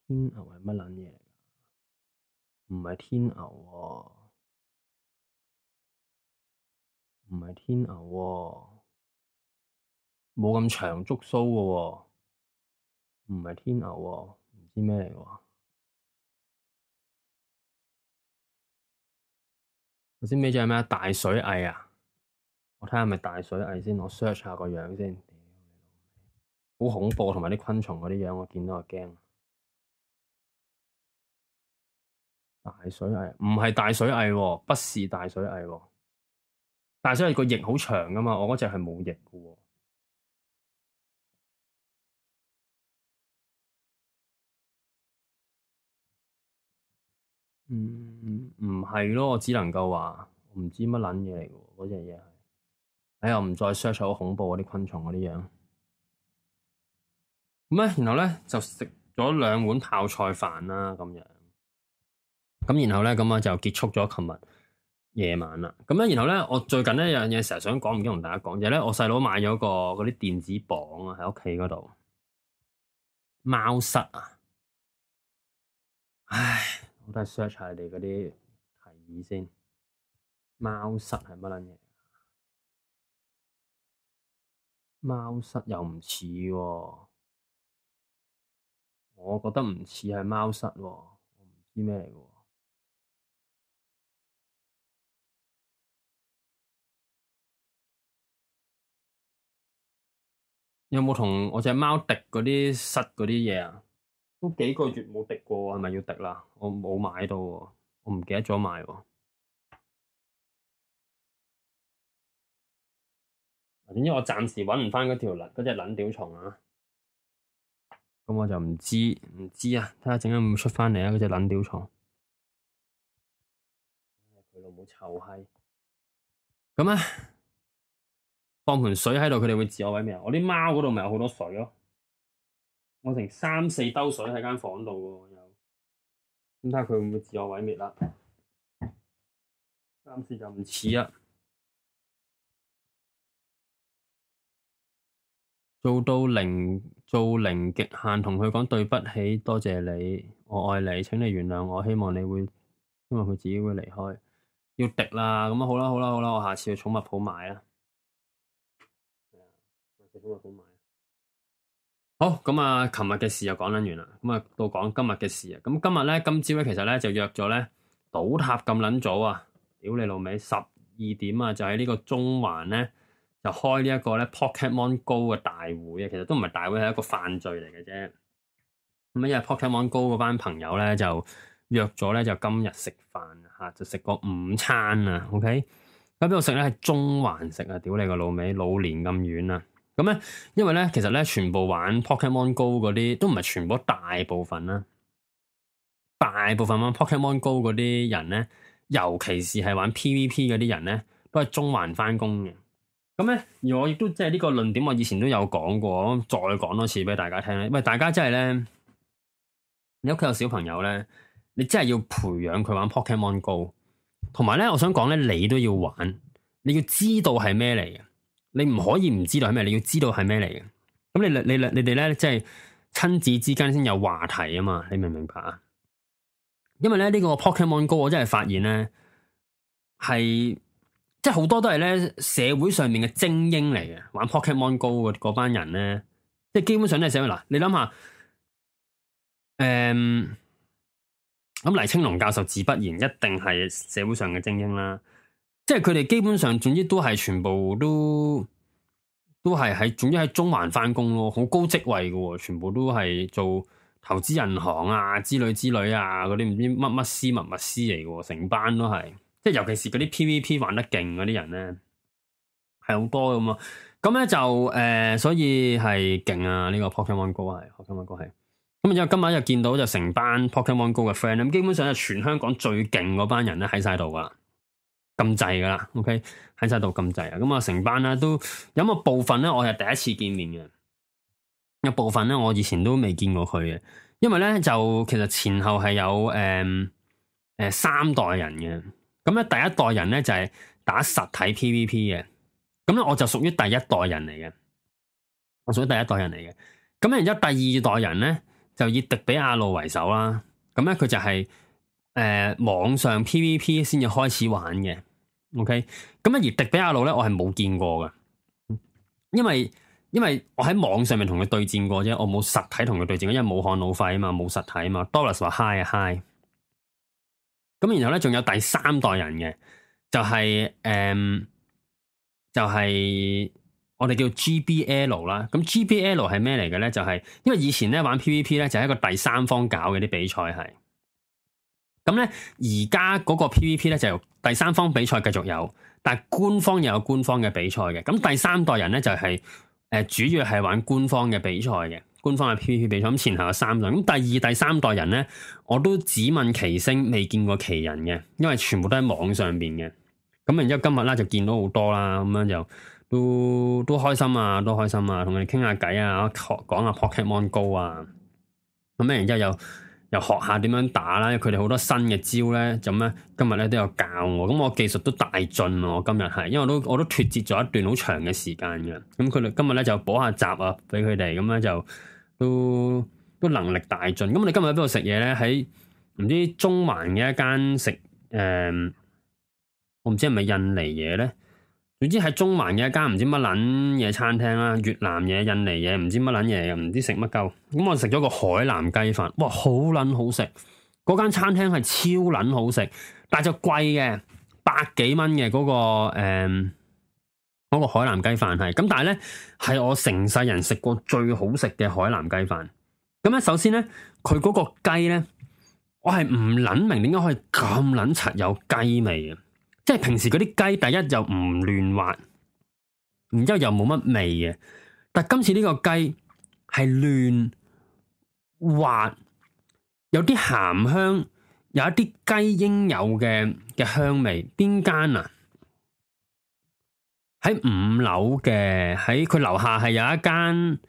天牛係乜撚嘢嚟噶？唔係天牛喎、啊，唔係天牛喎、啊。冇咁長觸鬚嘅，唔係天牛喎，唔知咩嚟嘅。我知咩只係咩大水蟻啊！我睇下係咪大水蟻先。我 search 下個樣先。好恐怖，同埋啲昆蟲嗰啲樣，我見到就驚。大水蟻唔係大水蟻，不是大水蟻，哦哦哦。大水蟻個翼好長噶嘛，我嗰隻係冇翼嘅喎。嗯，唔係咯，我只能夠話唔知乜捻嘢嚟嘅，嗰隻嘢係，哎呀，唔再 search 好恐怖啊，啲昆蟲啊啲樣。咁、嗯、咧，然後咧就食咗兩碗泡菜飯啦，咁樣。咁然後咧，咁啊就結束咗琴日夜晚啦。咁咧，然後咧，我最近咧有樣嘢成日想講，唔記得同大家講，就咧、是、我細佬買咗個嗰啲電子磅啊，喺屋企嗰度貓室啊，唉。我都係 search 下你嗰啲提議先。貓蝨係乜撚嘢？貓蝨又唔似喎，我覺得唔似係貓蝨喎、哦，唔知咩嚟嘅喎。 有冇同我隻貓滴嗰啲蝨嗰啲嘢啊？都幾個月冇滴過，係咪要滴啦？我冇買到喎，我唔記得咗買喎。點知我暫時揾唔翻嗰條嗰隻冷吊蟲啊？咁我就唔知唔知啊，睇下陣間會唔會出翻嚟啊！嗰隻冷吊蟲，佢老母臭閪。咁啊，放盆水喺度，佢哋會自我毀滅。我啲貓嗰度咪有好多水咯，啊。我成三四兜水喺間房度喎，又咁睇下佢會唔會自我毀滅啦？三四就唔似啊！做到零，做零極限，同佢講對不起，多謝你，我愛你，請你原諒我，希望你會，因為佢自己會離開，要滴啦。咁啊，好啦，好啦，好啦，我下次去寵物鋪買啦。係啊，去寵物鋪買。好咁啊！琴日嘅事就講撚完啦，咁、嗯、啊到講今日嘅事啊，咁、嗯、今日咧今朝咧其實咧就約咗咧倒塔咁撚早啊！屌你老味，十二點啊，就喺呢個中環咧就開呢一個咧 Pokemon Go 嘅大會啊！其實都唔係大會，係一個犯罪嚟嘅啫。咁、嗯、啊，因為 Pokemon Go 嗰班朋友咧就約咗咧就今日食飯吓，就食個午餐啊。OK，咁邊度食咧？喺中環食啊！屌你個老味，老年咁遠啊！咁咧、嗯，因為咧，其實咧，全部玩 Pokemon Go 嗰啲，都唔係全部，大部分啦，大部分玩 Pokemon Go 嗰啲人咧，尤其是係玩 PVP 嗰啲人咧，都係中環翻工嘅。咁、嗯、咧，而我亦都即係呢個論點，我以前都有講過，再講多次俾大家聽咧。喂，大家真係咧，你屋企有小朋友咧，你真係要培養佢玩 Pokemon Go，同埋咧，我想講咧，你都要玩，你要知道係咩嚟嘅。你唔可以唔知道係咩，你要知道係咩嚟嘅。咁你你你你哋咧，即係親子之間先有話題啊嘛，你明唔明白啊？因為咧，呢個 Pokemon Go 我真係發現咧，係即係好多都係咧，社會上面嘅精英嚟嘅，玩 Pokemon Go 嘅嗰班人咧，即係基本上都係社會嗱。你諗下，誒、嗯，咁黎青龍教授自不然一定係社會上嘅精英啦。即係佢哋基本上總，總之都係全部都都係喺總之喺中環翻工咯，好高職位嘅，全部都係做投資銀行啊之類之類啊嗰啲唔知乜乜私密物私嚟嘅，成班都係，即係尤其是嗰啲 PVP 玩得勁嗰啲人咧，係好多咁啊！咁咧就誒、呃，所以係勁啊！呢、這個 Pokemon Go 係 Pokemon Go 係，咁啊，因為今晚又見到就成班 Pokemon Go 嘅 friend，咁基本上就全香港最勁嗰班人咧喺晒度噶。咁滯噶啦，OK，喺晒度咁滯啊！咁、嗯、啊，成班啦，都有個部分咧？我係第一次見面嘅，有部分咧，我以前都未見過佢嘅，因為咧就其實前後係有誒誒、嗯嗯、三代人嘅。咁、嗯、咧第一代人咧就係打實體 PVP 嘅，咁、嗯、咧我就屬於第一代人嚟嘅，我屬於第一代人嚟嘅。咁、嗯、咧，然之後第二代人咧就以迪比亞路為首啦，咁咧佢就係、是、誒、嗯、網上 PVP 先至開始玩嘅。OK，咁啊，而迪比亞路咧，我係冇見過噶，因為因為我喺網上面同佢對戰過啫，我冇實體同佢對戰，因為武漢老肺啊嘛，冇實體啊嘛。Dollars 話 high 啊 high，咁然後咧仲有第三代人嘅，就係、是、誒、嗯，就係、是、我哋叫 GBL 啦，咁 GBL 係咩嚟嘅咧？就係、是、因為以前咧玩 PVP 咧就係、是、一個第三方搞嘅啲比賽係。咁咧，而家嗰個 PVP 咧就第三方比賽繼續有，但係官方又有官方嘅比賽嘅。咁第三代人咧就係、是、誒、呃、主要係玩官方嘅比賽嘅，官方嘅 PVP 比賽。咁前後有三代，咁第二、第三代人咧，我都只聞其聲，未見過其人嘅，因為全部都喺網上邊嘅。咁然之後今日啦，就見到好多啦，咁樣就都都開心啊，都開心啊，同佢哋傾下偈啊，講下 Pokemon Go 啊，咁咧，然之後又。又學下點樣打啦，佢哋好多新嘅招咧，咁咧今日咧都有教我，咁我技術都大進喎，今日係，因為我都我都脫節咗一段好長嘅時間嘅，咁佢哋今日咧就補下習啊，俾佢哋，咁咧就都都能力大進，咁你今日喺邊度食嘢咧？喺唔知中環嘅一間食誒、嗯，我唔知係咪印尼嘢咧？總之喺中環嘅一間唔知乜捻嘢餐廳啦，越南嘢、印尼嘢，唔知乜捻嘢，又唔知食乜鳩。咁我食咗個海南雞飯，哇，好捻好食！嗰間餐廳係超捻好食，但就貴嘅，百幾蚊嘅嗰個誒，嗰個海南雞飯係。咁但係咧，係我成世人食過最好食嘅海南雞飯。咁咧，首先咧，佢嗰個雞咧，我係唔捻明點解可以咁捻柒有雞味啊！即係平時嗰啲雞，第一就唔嫩滑，然之後又冇乜味嘅。但今次呢個雞係嫩滑，有啲咸香，有一啲雞應有嘅嘅香味。邊間啊？喺五樓嘅，喺佢樓下係有一間，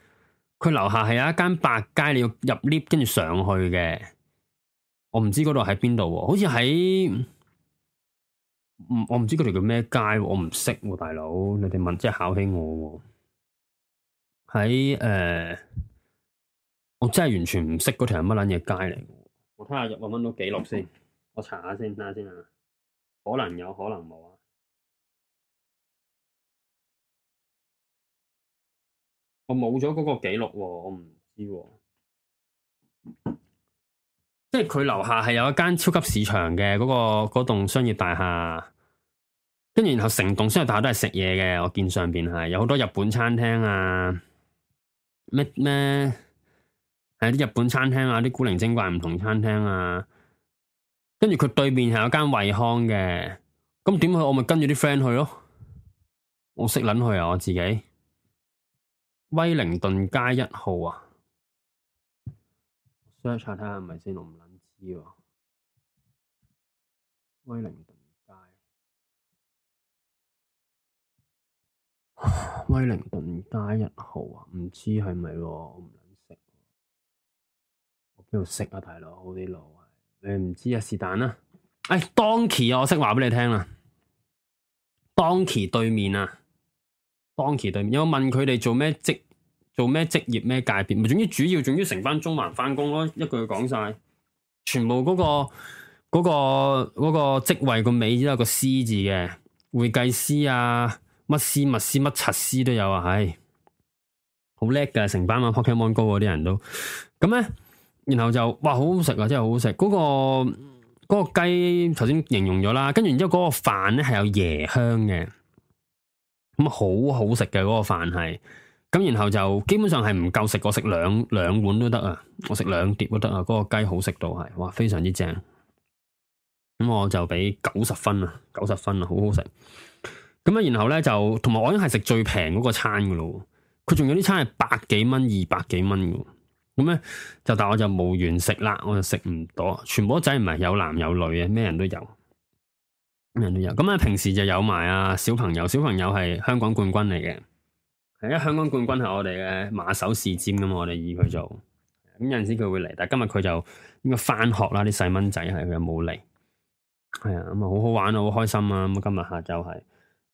佢樓下係有一間百佳。你要入 lift 跟住上去嘅。我唔知嗰度喺邊度，好似喺。我唔知嗰條叫咩街，我唔識喎，大佬，你哋問即係考起我喎、啊。喺誒、呃，我真係完全唔識嗰條係乜捻嘢街嚟、啊。我睇下搵蚊到記錄先，我查下先，睇下先啊。可能有，可能冇啊。我冇咗嗰個記錄喎，我唔知喎。即係佢樓下係有一間超級市場嘅，嗰、嗰個嗰棟商業大廈，跟住然後成棟商業大廈都係食嘢嘅。我見上邊係有好多日本餐廳啊，咩咩係啲日本餐廳啊，啲古靈精怪唔同餐廳啊。跟住佢對面係有間惠康嘅，咁點去？我咪跟住啲 friend 去咯。我識捻去啊，我自己。啊、威靈頓街一號啊。我查下係咪先，我唔撚知喎。威靈頓街，威靈頓街一號啊，唔知係咪喎？我唔撚識。我邊度識啊，大佬？我啲路，啊！哎、Donkey，你唔知啊？是但啊！誒 Donkey 啊，我識話畀你聽啦。Donkey 對面啊，Donkey 對面，有冇問佢哋做咩職？做咩職業咩界別，唔係，總之主要，總之成班中環翻工咯，一句講晒，全部嗰個嗰個嗰個職位個尾都有個師字嘅，會計師啊，乜師、乜師、乜差師都有啊，唉、哎，好叻嘅，成班啊 Pokemon Go 嗰啲人都，咁咧，然後就哇，好好食啊，真係好好食，嗰個嗰個雞頭先形容咗啦，跟住然之後嗰個飯咧係有椰香嘅，咁好好食嘅嗰個飯係。咁然後就基本上係唔夠食，我食兩兩碗都得啊，我食兩碟都得啊，嗰、那個雞好食到係，哇非常之正。咁我就俾九十分啊，九十分啊，好好食。咁啊然後咧就同埋我已經係食最平嗰個餐噶咯，佢仲有啲餐係百幾蚊、二百幾蚊噶。咁咧就但我就無緣食啦，我就食唔到。全部仔唔係有男有女嘅，咩人都有，咩人都有。咁啊平時就有埋啊小朋友，小朋友係香港冠軍嚟嘅。係啊，香港冠軍係我哋嘅馬首是瞻，咁我哋以佢做。咁有陣時佢會嚟，但係今日佢就應該翻學啦，啲細蚊仔係佢又冇嚟。係、哎、啊，咁啊好好玩啊，好開心啊。咁啊，今日下晝係。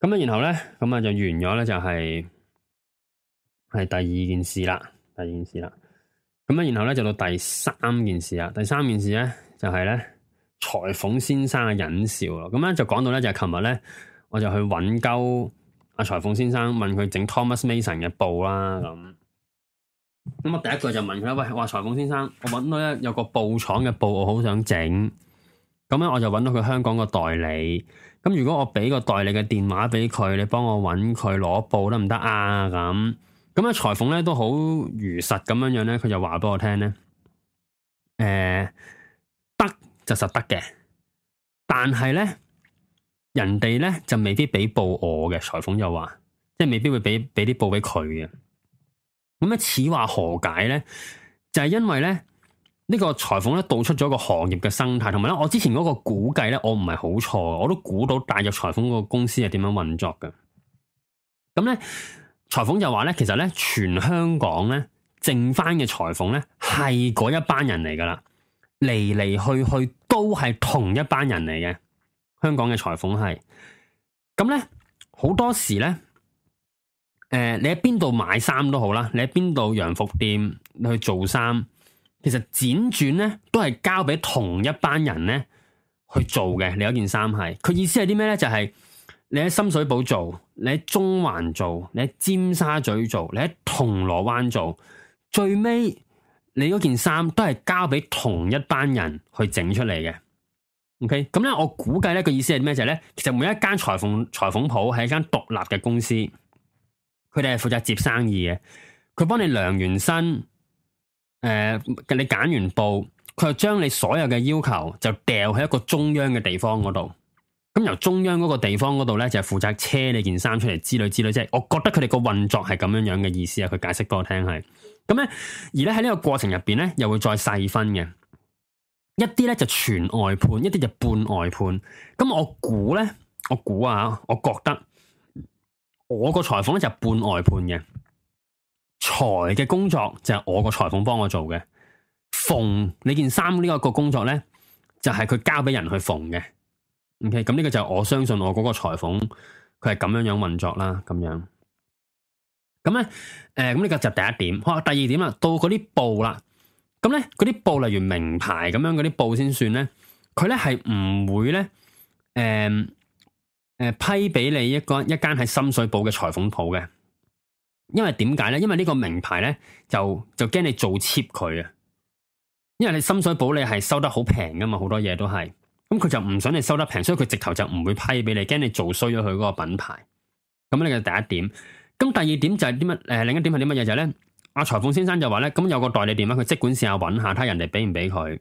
咁啊，然後咧，咁啊就完咗咧，就係、是、係第二件事啦，第二件事啦。咁啊，然後咧就到第三件事啦，第三件事咧就係、是、咧裁縫先生嘅引笑忍笑咯。咁咧就講到咧就係琴日咧，我就去揾鳩。阿裁縫先生問佢整 Thomas Mason 嘅布啦，咁咁我第一句就問佢啦：喂，哇裁縫先生，我揾到咧有一個布廠嘅布我，我好想整，咁咧我就揾到佢香港代個代理。咁如果我畀個代理嘅電話畀佢，你幫我揾佢攞布得唔得啊？咁咁咧裁縫咧都好如實咁樣樣咧，佢就話俾我聽咧，誒，得就實得嘅，但係咧。人哋咧就未必俾布我嘅，裁縫就話，即係未必會俾俾啲布俾佢嘅。咁啊，此話何解咧？就係因為咧呢個裁縫咧道出咗個行業嘅生態，同埋咧我之前嗰個估計咧，我唔係好錯，我都估到大約裁縫個公司係點樣運作嘅。咁咧，裁縫就話咧，其實咧全香港咧剩翻嘅裁縫咧係嗰一班人嚟噶啦，嚟嚟去去都係同一班人嚟嘅。香港嘅裁縫係咁咧，好多時咧，誒、呃，你喺邊度買衫都好啦，你喺邊度洋服店你去做衫，其實輾轉咧都係交俾同一班人咧去做嘅。你嗰件衫係，佢意思係啲咩咧？就係、是、你喺深水埗做，你喺中環做，你喺尖沙咀做，你喺銅鑼灣做，最尾你嗰件衫都係交俾同一班人去整出嚟嘅。O K，咁咧，okay？我估計咧個意思係咩？就係咧，其實每一間裁縫裁縫鋪係一間獨立嘅公司，佢哋係負責接生意嘅，佢幫你量完身，誒、呃，你揀完布，佢就將你所有嘅要求就掉喺一個中央嘅地方嗰度。咁由中央嗰個地方嗰度咧，就係負責車你件衫出嚟之、之類之類。即係我覺得佢哋個運作係咁樣樣嘅意思啊。佢解釋俾我聽係，咁咧，而咧喺呢個過程入邊咧，又會再細分嘅。一啲咧就全外判，一啲就半外判。咁我估咧，我估啊，我覺得我個裁縫咧就係半外判嘅。裁嘅工作就係我個裁縫幫我做嘅。縫你件衫呢一個工作咧，就係、是、佢交俾人去縫嘅。OK，咁呢個就我相信我嗰個裁縫佢係咁樣樣運作啦，咁樣。咁咧，誒、呃，咁呢個就第一點。好，第二點啦，到嗰啲布啦。咁咧，嗰啲布例如名牌咁樣嗰啲布先算咧，佢咧係唔會咧，誒、呃、誒、呃、批俾你一個一間係深水埗嘅裁縫鋪嘅，因為點解咧？因為呢個名牌咧就就驚你做 cheap 佢啊，因為你深水埗你係收得好平噶嘛，好多嘢都係，咁佢就唔想你收得平，所以佢直頭就唔會批俾你，驚你做衰咗佢嗰個品牌。咁呢個第一點，咁第二點就係點乜？誒、呃，另一點係啲乜嘢就係咧？阿裁縫先生就話咧，咁有個代理店啦，佢即管試下搵下，睇人哋俾唔俾佢。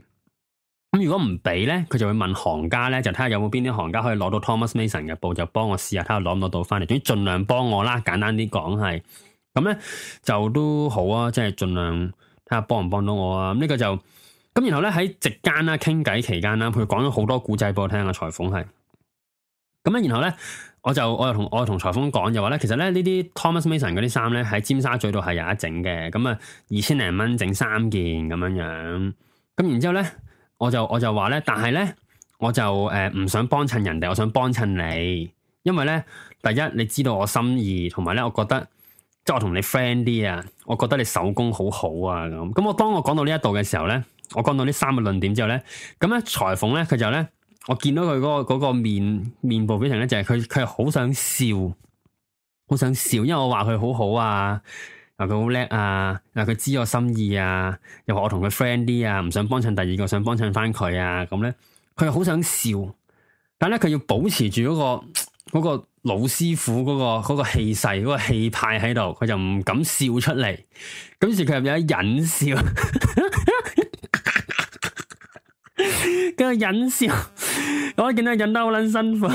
咁如果唔俾咧，佢就會問行家咧，就睇下有冇邊啲行家可以攞到 Thomas Mason 嘅布，就幫我試下睇下攞唔攞到翻嚟，總之盡量幫我啦。簡單啲講係，咁咧就都好啊，即係盡量睇下幫唔幫到我啊。咁呢個就咁然後咧，喺席間啦，傾偈期間啦，佢講咗好多古仔俾我聽啊。裁縫係咁咧，然後咧，我就我就同我同裁縫講就話咧，其實咧呢啲 Thomas Mason 嗰啲衫咧喺尖沙咀度係有一整嘅，咁啊二千零蚊整三件咁樣樣，咁然之後咧，我就我就話咧，但係咧，我就誒唔、呃、想幫襯人哋，我想幫襯你，因為咧第一你知道我心意，同埋咧我覺得即係、就是、我同你 friend 啲啊，我覺得你手工好好啊咁，咁我當我講到呢一度嘅時候咧，我講到呢三個論點之後咧，咁咧裁縫咧佢就咧。我見到佢嗰個個面面部表情咧，就係佢佢好想笑，好想笑，因為我話佢好好啊，嗱佢好叻啊，嗱佢、啊啊、知我心意啊，又話我同佢 friend 啲啊，唔想幫襯第二個，想幫襯翻佢啊，咁咧佢好想笑，但係咧佢要保持住嗰、嗰個、嗰個老師傅嗰、嗰個嗰、嗰個氣勢嗰個氣派喺度，佢就唔敢笑出嚟，咁於是佢係咁樣忍笑。， 跟住忍笑，我都見到忍得好捻辛苦，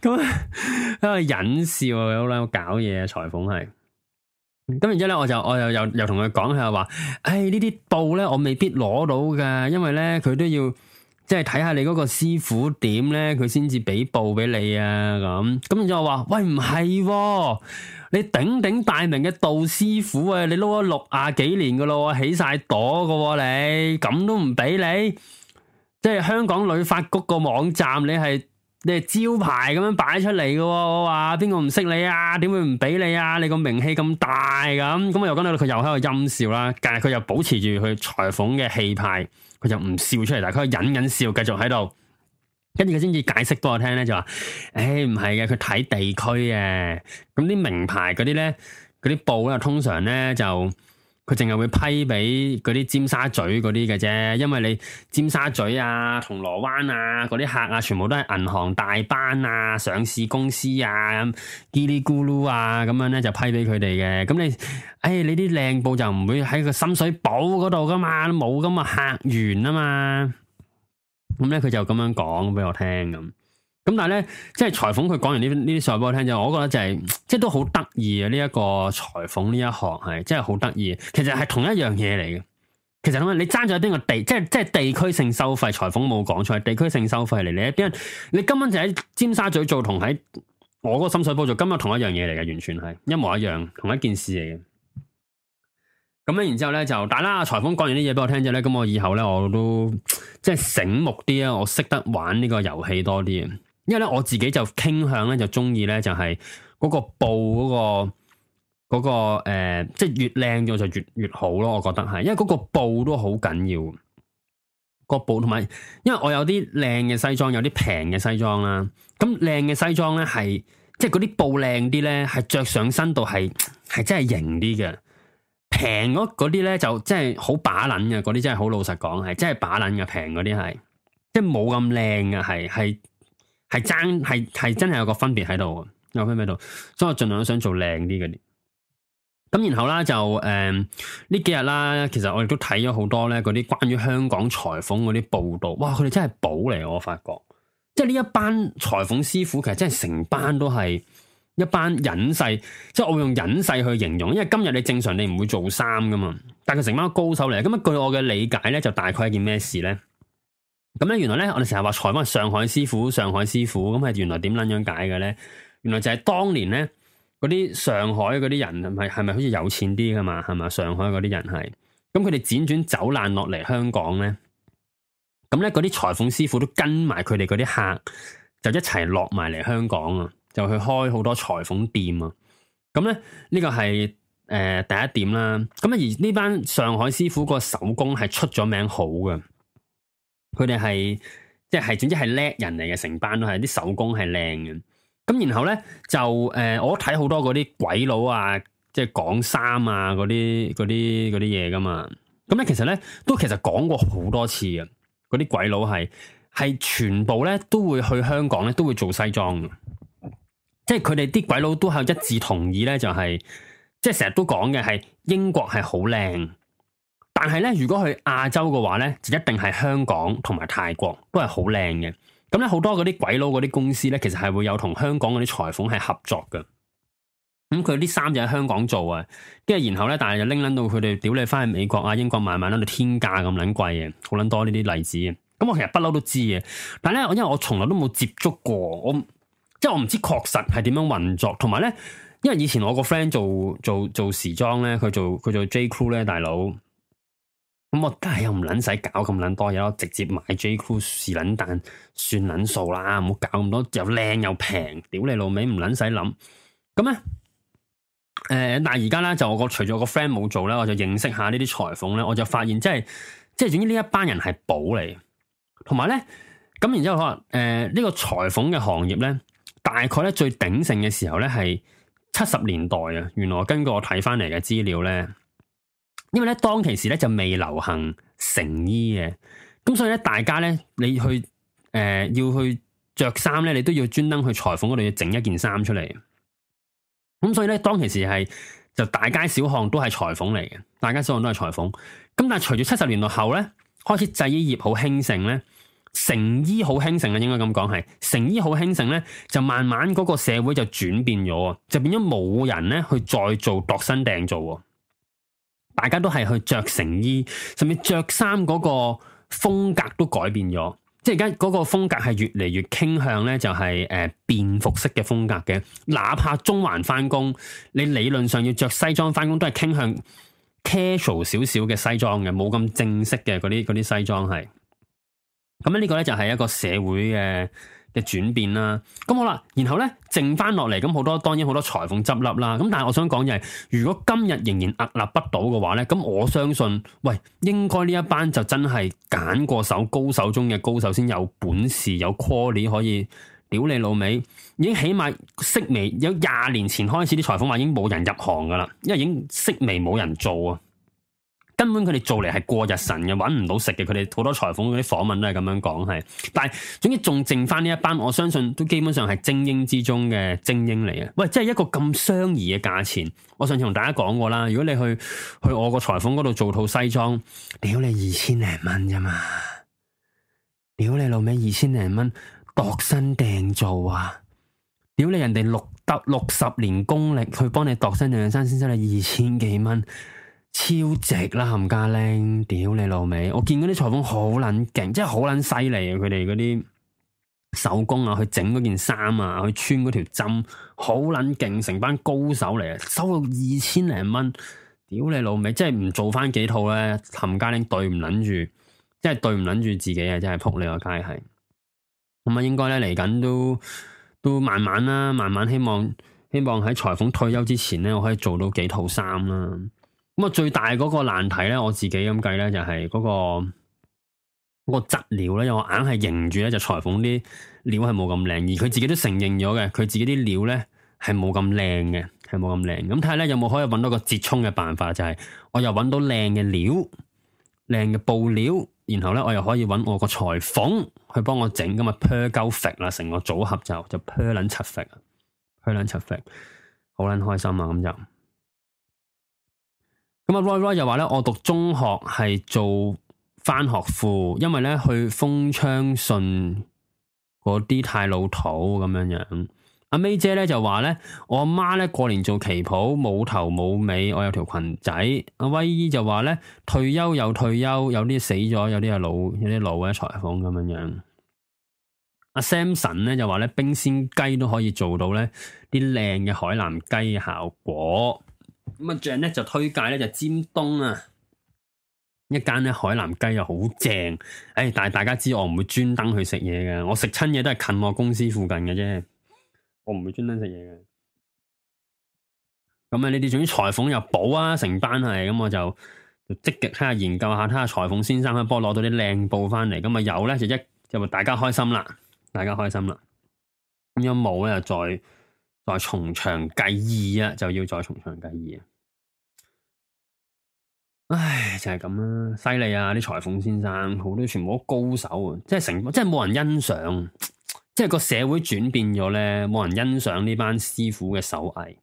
咁啊，喺度忍笑，好捻搞嘢，裁縫係。咁然之後咧，我就我又又又同佢講下話，誒，呢啲布咧，我未必攞到噶，因為咧佢都要即係睇下你嗰個師傅點咧，佢先至俾布俾你啊。咁咁然之後話，喂，唔係。你鼎鼎大名嘅杜師傅啊，你撈咗六啊幾年噶咯，起晒朵噶，你咁都唔俾你？即係香港旅發局個網站，你係你係招牌咁樣擺出嚟噶。我話邊個唔識你啊？點會唔俾你啊？你個名氣咁大咁，咁、嗯、又講到佢又喺度陰笑啦。但係佢又保持住佢裁縫嘅氣派，佢就唔笑出嚟，但係佢係隱隱笑，繼續喺度。跟住佢先至解釋俾我聽咧，就話：，誒、哎，唔係嘅，佢睇地區嘅。咁啲名牌嗰啲咧，嗰啲布咧，通常咧就佢淨係會批俾嗰啲尖沙咀嗰啲嘅啫。因為你尖沙咀啊、銅鑼灣啊嗰啲客啊，全部都係銀行大班啊、上市公司啊、嘰哩咕嚕啊咁樣咧，就批俾佢哋嘅。咁你，誒、哎，你啲靚布就唔會喺個深水埗嗰度噶嘛，冇咁嘅客源啊嘛。咁咧，佢、嗯、就咁樣講俾我聽咁。咁但係咧，即係裁縫佢講完呢呢啲碎俾我聽就，我覺得就係、是、即係都好得意啊！呢、這個、一個裁縫呢一行係真係好得意。其實係同一樣嘢嚟嘅。其實咁樣，你爭咗邊個地，即係即係地區性收費。裁縫冇講錯，地區性收費嚟。你喺邊？你今晚就喺尖沙咀做，同喺我個深水埗做，根本同一樣嘢嚟嘅，完全係一模一樣，同一件事嚟嘅。咁樣，然之後咧就，大啦，裁縫講完啲嘢俾我聽咗。咧，咁我以後咧我都即係醒目啲啊，我識得玩呢個遊戲多啲因為咧我自己就傾向咧就中意咧就係、是、嗰個布嗰、嗰個嗰、嗰個誒、呃，即係越靚咗就越越好咯，我覺得係，因為嗰個布都好緊要，個布同埋，因為我有啲靚嘅西裝，有啲平嘅西裝啦、啊，咁靚嘅西裝咧係，即係嗰啲布靚啲咧，係着上身度係係真係型啲嘅。平嗰啲咧就真係好把捻嘅，嗰啲真係好老實講係，真係把捻嘅平嗰啲係，即係冇咁靚嘅係，係係爭係係真係有個分別喺度啊，有分喺度，所以我盡量都想做靚啲嗰啲。咁然後啦就誒呢、嗯、幾日啦，其實我亦都睇咗好多咧嗰啲關於香港裁縫嗰啲報道，哇佢哋真係寶嚟我發覺，即係呢一班裁縫師傅其實真係成班都係。一班隱世，即係我會用隱世去形容，因為今日你正常你唔會做衫噶嘛，但佢成班高手嚟，咁啊據我嘅理解咧，就大概係件咩事咧？咁咧原來咧，我哋成日話裁縫上海師傅，上海師傅，咁係原來點撚樣解嘅咧？原來就係當年咧嗰啲上海嗰啲人，係係咪好似有錢啲噶嘛？係咪上海嗰啲人係，咁佢哋輾轉走難落嚟香港咧，咁咧嗰啲裁縫師傅都跟埋佢哋嗰啲客，就一齊落埋嚟香港啊！就去開好多裁縫店啊！咁咧呢個係誒第一點啦。咁啊而呢班上海師傅個手工係出咗名好嘅，佢哋係即係總之係叻人嚟嘅，成班都係啲手工係靚嘅。咁然後咧就誒、呃，我睇好多嗰啲鬼佬啊，即係講衫啊嗰啲啲啲嘢，噶嘛。咁咧其實咧都其實講過好多次啊。嗰啲鬼佬係係全部咧都會去香港咧都會做西裝嘅。即係佢哋啲鬼佬都係一致同意咧、就是，就係即係成日都講嘅係英國係好靚，但係咧如果去亞洲嘅話咧，就一定係香港同埋泰國都係好靚嘅。咁咧好多嗰啲鬼佬嗰啲公司咧，其實係會有同香港嗰啲裁縫係合作嘅。咁佢啲衫就喺香港做啊，跟住然後咧，但係就拎捻到佢哋屌你翻去美國啊、英國慢慢捻到天價咁捻貴啊。好捻多呢啲例子啊。咁、嗯、我其實不嬲都知嘅，但係咧，我因為我從來都冇接觸過我。即係我唔知確實係點樣運作，同埋咧，因為以前我個 friend 做做做時裝咧，佢做佢做 J.Crew 咧，大佬，咁我梗係又唔卵使搞咁卵多嘢咯，直接買 J.Crew 試卵但算卵數啦，唔好搞咁多，又靚又平，屌你老味唔卵使諗，咁咧，誒、呃，但係而家咧就我個除咗個 friend 冇做啦，我就認識下呢啲裁縫咧，我就發現即係即係總之呢一班人係寶嚟，同埋咧，咁然之後我話，誒、呃，呢、這個裁縫嘅行業咧。大概咧，最鼎盛嘅時候咧係七十年代啊。原來根據我睇翻嚟嘅資料咧，因為咧當其時咧就未流行成衣嘅，咁所以咧大家咧你去誒、呃、要去着衫咧，你都要專登去裁縫嗰度要整一件衫出嚟。咁所以咧當其時係就大街小巷都係裁縫嚟嘅，大街小巷都係裁縫。咁但係隨住七十年代後咧，開始製衣業好興盛咧。成衣好興盛啊，應該咁講係成衣好興盛咧，就慢慢嗰個社會就轉變咗啊，就變咗冇人咧去再做度身訂造，大家都係去着成衣，甚至着衫嗰個風格都改變咗，即係而家嗰個風格係越嚟越傾向咧就係誒便服式嘅風格嘅，哪怕中環翻工，你理論上要着西裝翻工都係傾向 casual 少少嘅西裝嘅，冇咁正式嘅嗰啲嗰啲西裝係。咁咧呢個咧就係一個社會嘅嘅轉變啦。咁、嗯、好啦，然後咧剩翻落嚟咁好多，當然好多裁縫執笠啦。咁但係我想講就係，如果今日仍然屹立不倒嘅話咧，咁我相信，喂，應該呢一班就真係揀過手高手中嘅高手先有本事，有 call 力可以屌你老味。已經起碼式微，有廿年前開始啲裁縫話已經冇人入行噶啦，因為已經式微冇人做啊。根本佢哋做嚟係過日神嘅，搵唔到食嘅。佢哋好多裁縫嗰啲訪問都係咁樣講，係。但係總之仲剩翻呢一班，我相信都基本上係精英之中嘅精英嚟啊！喂，即係一個咁相宜嘅價錢，我上次同大家講過啦。如果你去去我個裁縫嗰度做套西裝，屌你，你二千零蚊啫嘛！屌你老味，二千零蚊度身訂做啊！屌你，你人哋六得六十年功力去幫你度身訂造先收你二千幾蚊。超值啦，冚家拎！屌你老味！我見嗰啲裁縫好捻勁，即係好捻犀利，佢哋嗰啲手工啊，去整嗰件衫啊，去穿嗰條針，好捻勁，成班高手嚟啊！收到二千零蚊，屌你老味！即係唔做翻幾套咧，冚家拎對唔捻住，即係對唔捻住自己啊！真係仆你個街係。咁啊，應該咧嚟緊都都慢慢啦，慢慢希望希望喺裁縫退休之前咧，我可以做到幾套衫啦、啊。咁啊，最大嗰個難題咧，我自己咁計咧，就係、是、嗰、那個嗰、那個質料咧，因為我硬係認住咧，就裁縫啲料係冇咁靚，而佢自己都承認咗嘅，佢自己啲料咧係冇咁靚嘅，係冇咁靚。咁睇下咧有冇可以揾到個折衷嘅辦法，就係、是、我又揾到靚嘅料，靚嘅布料，然後咧我又可以揾我個裁縫去幫我 per go 整，咁啊 perfect 啦，成個組合就就 per 撚柒 fect，per 撚柒 fect，好捻開心啊咁就。咁啊，Roy Roy 就話咧，我讀中學係做返學褲，因為咧去豐昌順嗰啲太老土咁樣樣。阿 May 姐咧就話咧，我阿媽咧過年做旗袍冇頭冇尾，我有條裙仔。阿威姨就話咧，退休又退休，有啲死咗，有啲係老，有啲老嘅裁縫咁樣樣。阿 Samson 咧就話咧，冰鮮雞都可以做到咧，啲靚嘅海南雞效果。咁啊，鄭咧就推介咧就尖東啊，一間咧海南雞又好正，誒、哎，但係大家知我唔會專登去食嘢嘅，我食親嘢都係近我公司附近嘅啫，我唔會專登食嘢嘅。咁啊，你哋仲要裁縫又補啊成班係，咁我就就積極睇下研究下，睇下裁縫先生可唔可以攞到啲靚布翻嚟，咁啊有咧就一就大家開心啦，大家開心啦。咁有冇咧就再再從長計議啊，就要再從長計議啊。唉，就係咁啦，犀利啊！啲、啊、裁縫先生，好多全部都高手啊，即係成，即係冇人欣賞，即係個社會轉變咗咧，冇人欣賞呢班師傅嘅手藝，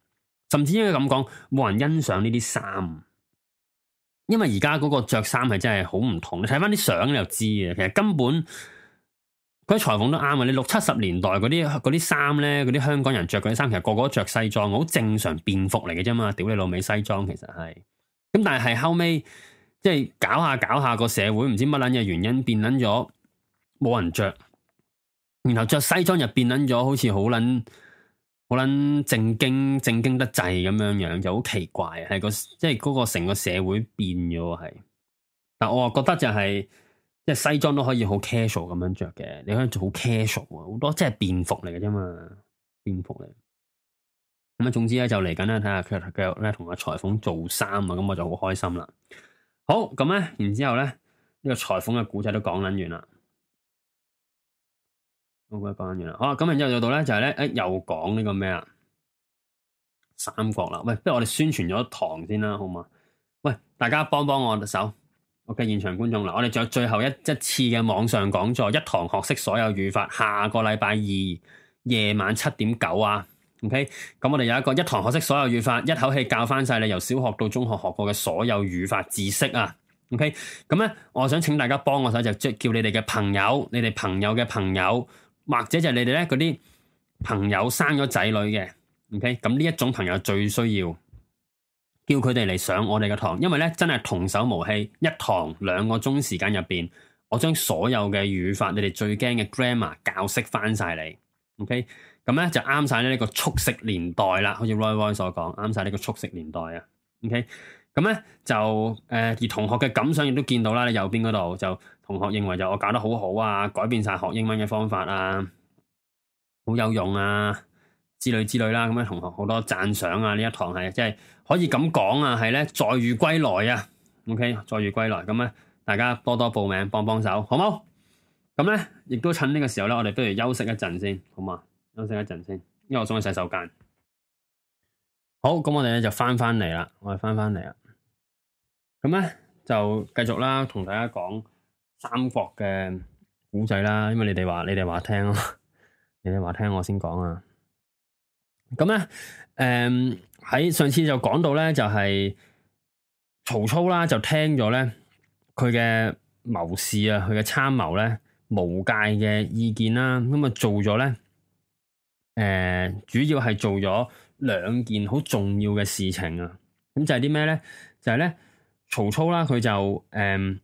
甚至應該咁講，冇人欣賞呢啲衫，因為而家嗰個着衫係真係好唔同，睇翻啲相你就知嘅，其實根本。佢裁縫都啱啊！你六七十年代嗰啲啲衫咧，嗰啲香港人着嗰啲衫，其實個個都著西裝，好正常便服嚟嘅啫嘛！屌你老味，西裝其實係，咁但係係後尾即係搞下搞下個社會唔知乜撚嘢原因變撚咗冇人着，然後着西裝又變撚咗，好似好撚好撚正經正經得滯咁樣樣，就好奇怪啊！係個即係嗰個成個社會變咗係，但係我覺得就係、係。即係西裝都可以好 casual 咁樣着嘅，你可以做好 casual 啊，好多即係便服嚟嘅啫嘛，便服嚟。咁啊，總之咧就嚟緊咧睇下佢佢咧同阿裁縫做衫啊，咁我就好開心啦。好，咁咧，然之後咧呢個裁縫嘅古仔都講緊完啦，好鬼講完啦。好啊，咁然之後又到咧就係咧，誒又講呢個咩啊三國啦。喂，不如我哋宣傳咗堂先啦，好嘛？喂，大家幫幫我隻手。OK，現場觀眾啦，我哋仲有最後一一次嘅網上講座，一堂學識所有語法，下個禮拜二夜晚七點九啊。OK，咁我哋有一個一堂學識所有語法，一口氣教翻晒你由小學到中學學過嘅所有語法知識啊。OK，咁咧，我想請大家幫我手，就叫叫你哋嘅朋友、你哋朋友嘅朋友，或者就係你哋咧嗰啲朋友生咗仔女嘅。OK，咁呢一種朋友最需要。叫佢哋嚟上我哋嘅堂，因為咧真係童叟無欺，一堂兩個鐘時間入邊，我將所有嘅語法，你哋最驚嘅 grammar 教識翻晒你。OK，咁咧就啱晒呢個速食年代啦，好似 Roy Roy 所講，啱晒呢個速食年代啊。OK，咁咧就誒、呃、而同學嘅感想亦都見到啦，右邊嗰度就同學認為就我教得好好啊，改變晒學英文嘅方法啊，好有用啊之類之類啦，咁樣同學好多讚賞啊，呢一堂係即係。可以咁講啊，係咧再遇歸來啊，OK，再遇歸來咁咧，大家多多報名幫幫手，好冇？咁咧，亦都趁呢個時候咧，我哋不如休息一陣先，好嘛？休息一陣先，因為我想去洗手間。好，咁我哋咧就返返嚟啦，我哋返返嚟啦。咁咧就繼續啦，同大家講《三國》嘅古仔啦，因為你哋話你哋話聽咯，你哋話聽我先講啊。咁咧，嗯喺上次就講到咧，就係、是、曹操啦，就聽咗咧佢嘅謀士啊，佢嘅參謀咧無界嘅意見啦、啊，咁、嗯、啊做咗咧，誒、呃、主要係做咗兩件好重要嘅事情啊，咁就係啲咩咧？就係、是、咧曹操啦，佢就誒、嗯、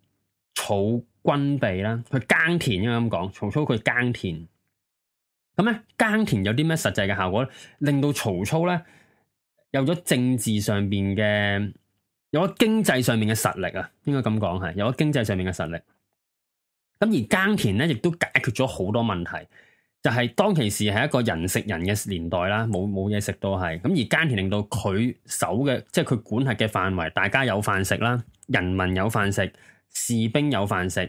儲軍備啦，佢耕田啊咁講，曹操佢耕田，咁、嗯、咧耕田有啲咩實際嘅效果，令到曹操咧？有咗政治上面嘅，有咗經濟上面嘅實力啊，應該咁講係，有咗經濟上面嘅實力。咁而耕田咧，亦都解決咗好多問題。就係、是、當其時係一個人食人嘅年代啦，冇冇嘢食都係。咁而耕田令到佢守嘅，即係佢管轄嘅範圍，大家有飯食啦，人民有飯食，士兵有飯食，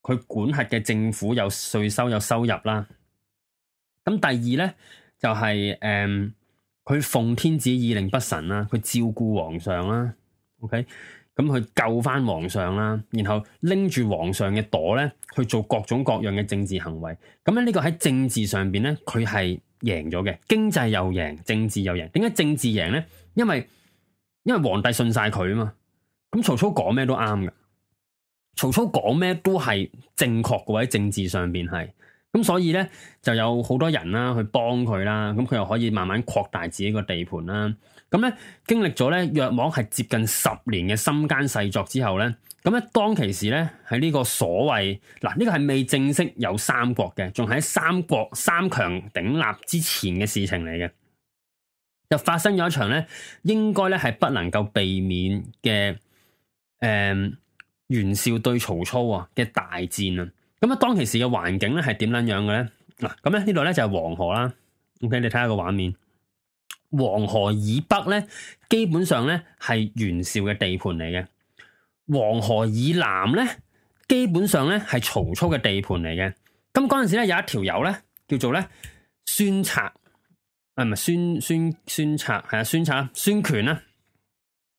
佢管轄嘅政府有稅收有收入啦。咁第二咧就係、是、誒。嗯佢奉天子以令不臣啦，佢照顧皇上啦，OK，咁佢救翻皇上啦，然後拎住皇上嘅朵咧去做各種各樣嘅政治行為，咁咧呢個喺政治上邊咧佢係贏咗嘅，經濟又贏，政治又贏，點解政治贏咧？因為因為皇帝信晒佢啊嘛，咁曹操講咩都啱㗎，曹操講咩都係正確嘅喎，喺政治上邊係。咁所以咧，就有好多人啦，去幫佢啦。咁佢又可以慢慢擴大自己個地盤啦。咁咧，經歷咗咧，約莫係接近十年嘅深耕細作之後咧，咁咧當其時咧，喺呢個所謂嗱，呢、這個係未正式有三國嘅，仲喺三國三強鼎立之前嘅事情嚟嘅，就發生咗一場咧，應該咧係不能夠避免嘅，誒、呃、袁紹對曹操啊嘅大戰啊。咁咧，當其時嘅環境咧係點撚樣嘅咧？嗱，咁咧呢度咧就係黃河啦。OK，你睇下個畫面，黃河以北咧，基本上咧係袁紹嘅地盤嚟嘅；黃河以南咧，基本上咧係曹操嘅地盤嚟嘅。咁嗰陣時咧有一條友咧叫做咧孫策，啊唔係孫孫孫策係啊孫策孫權啊。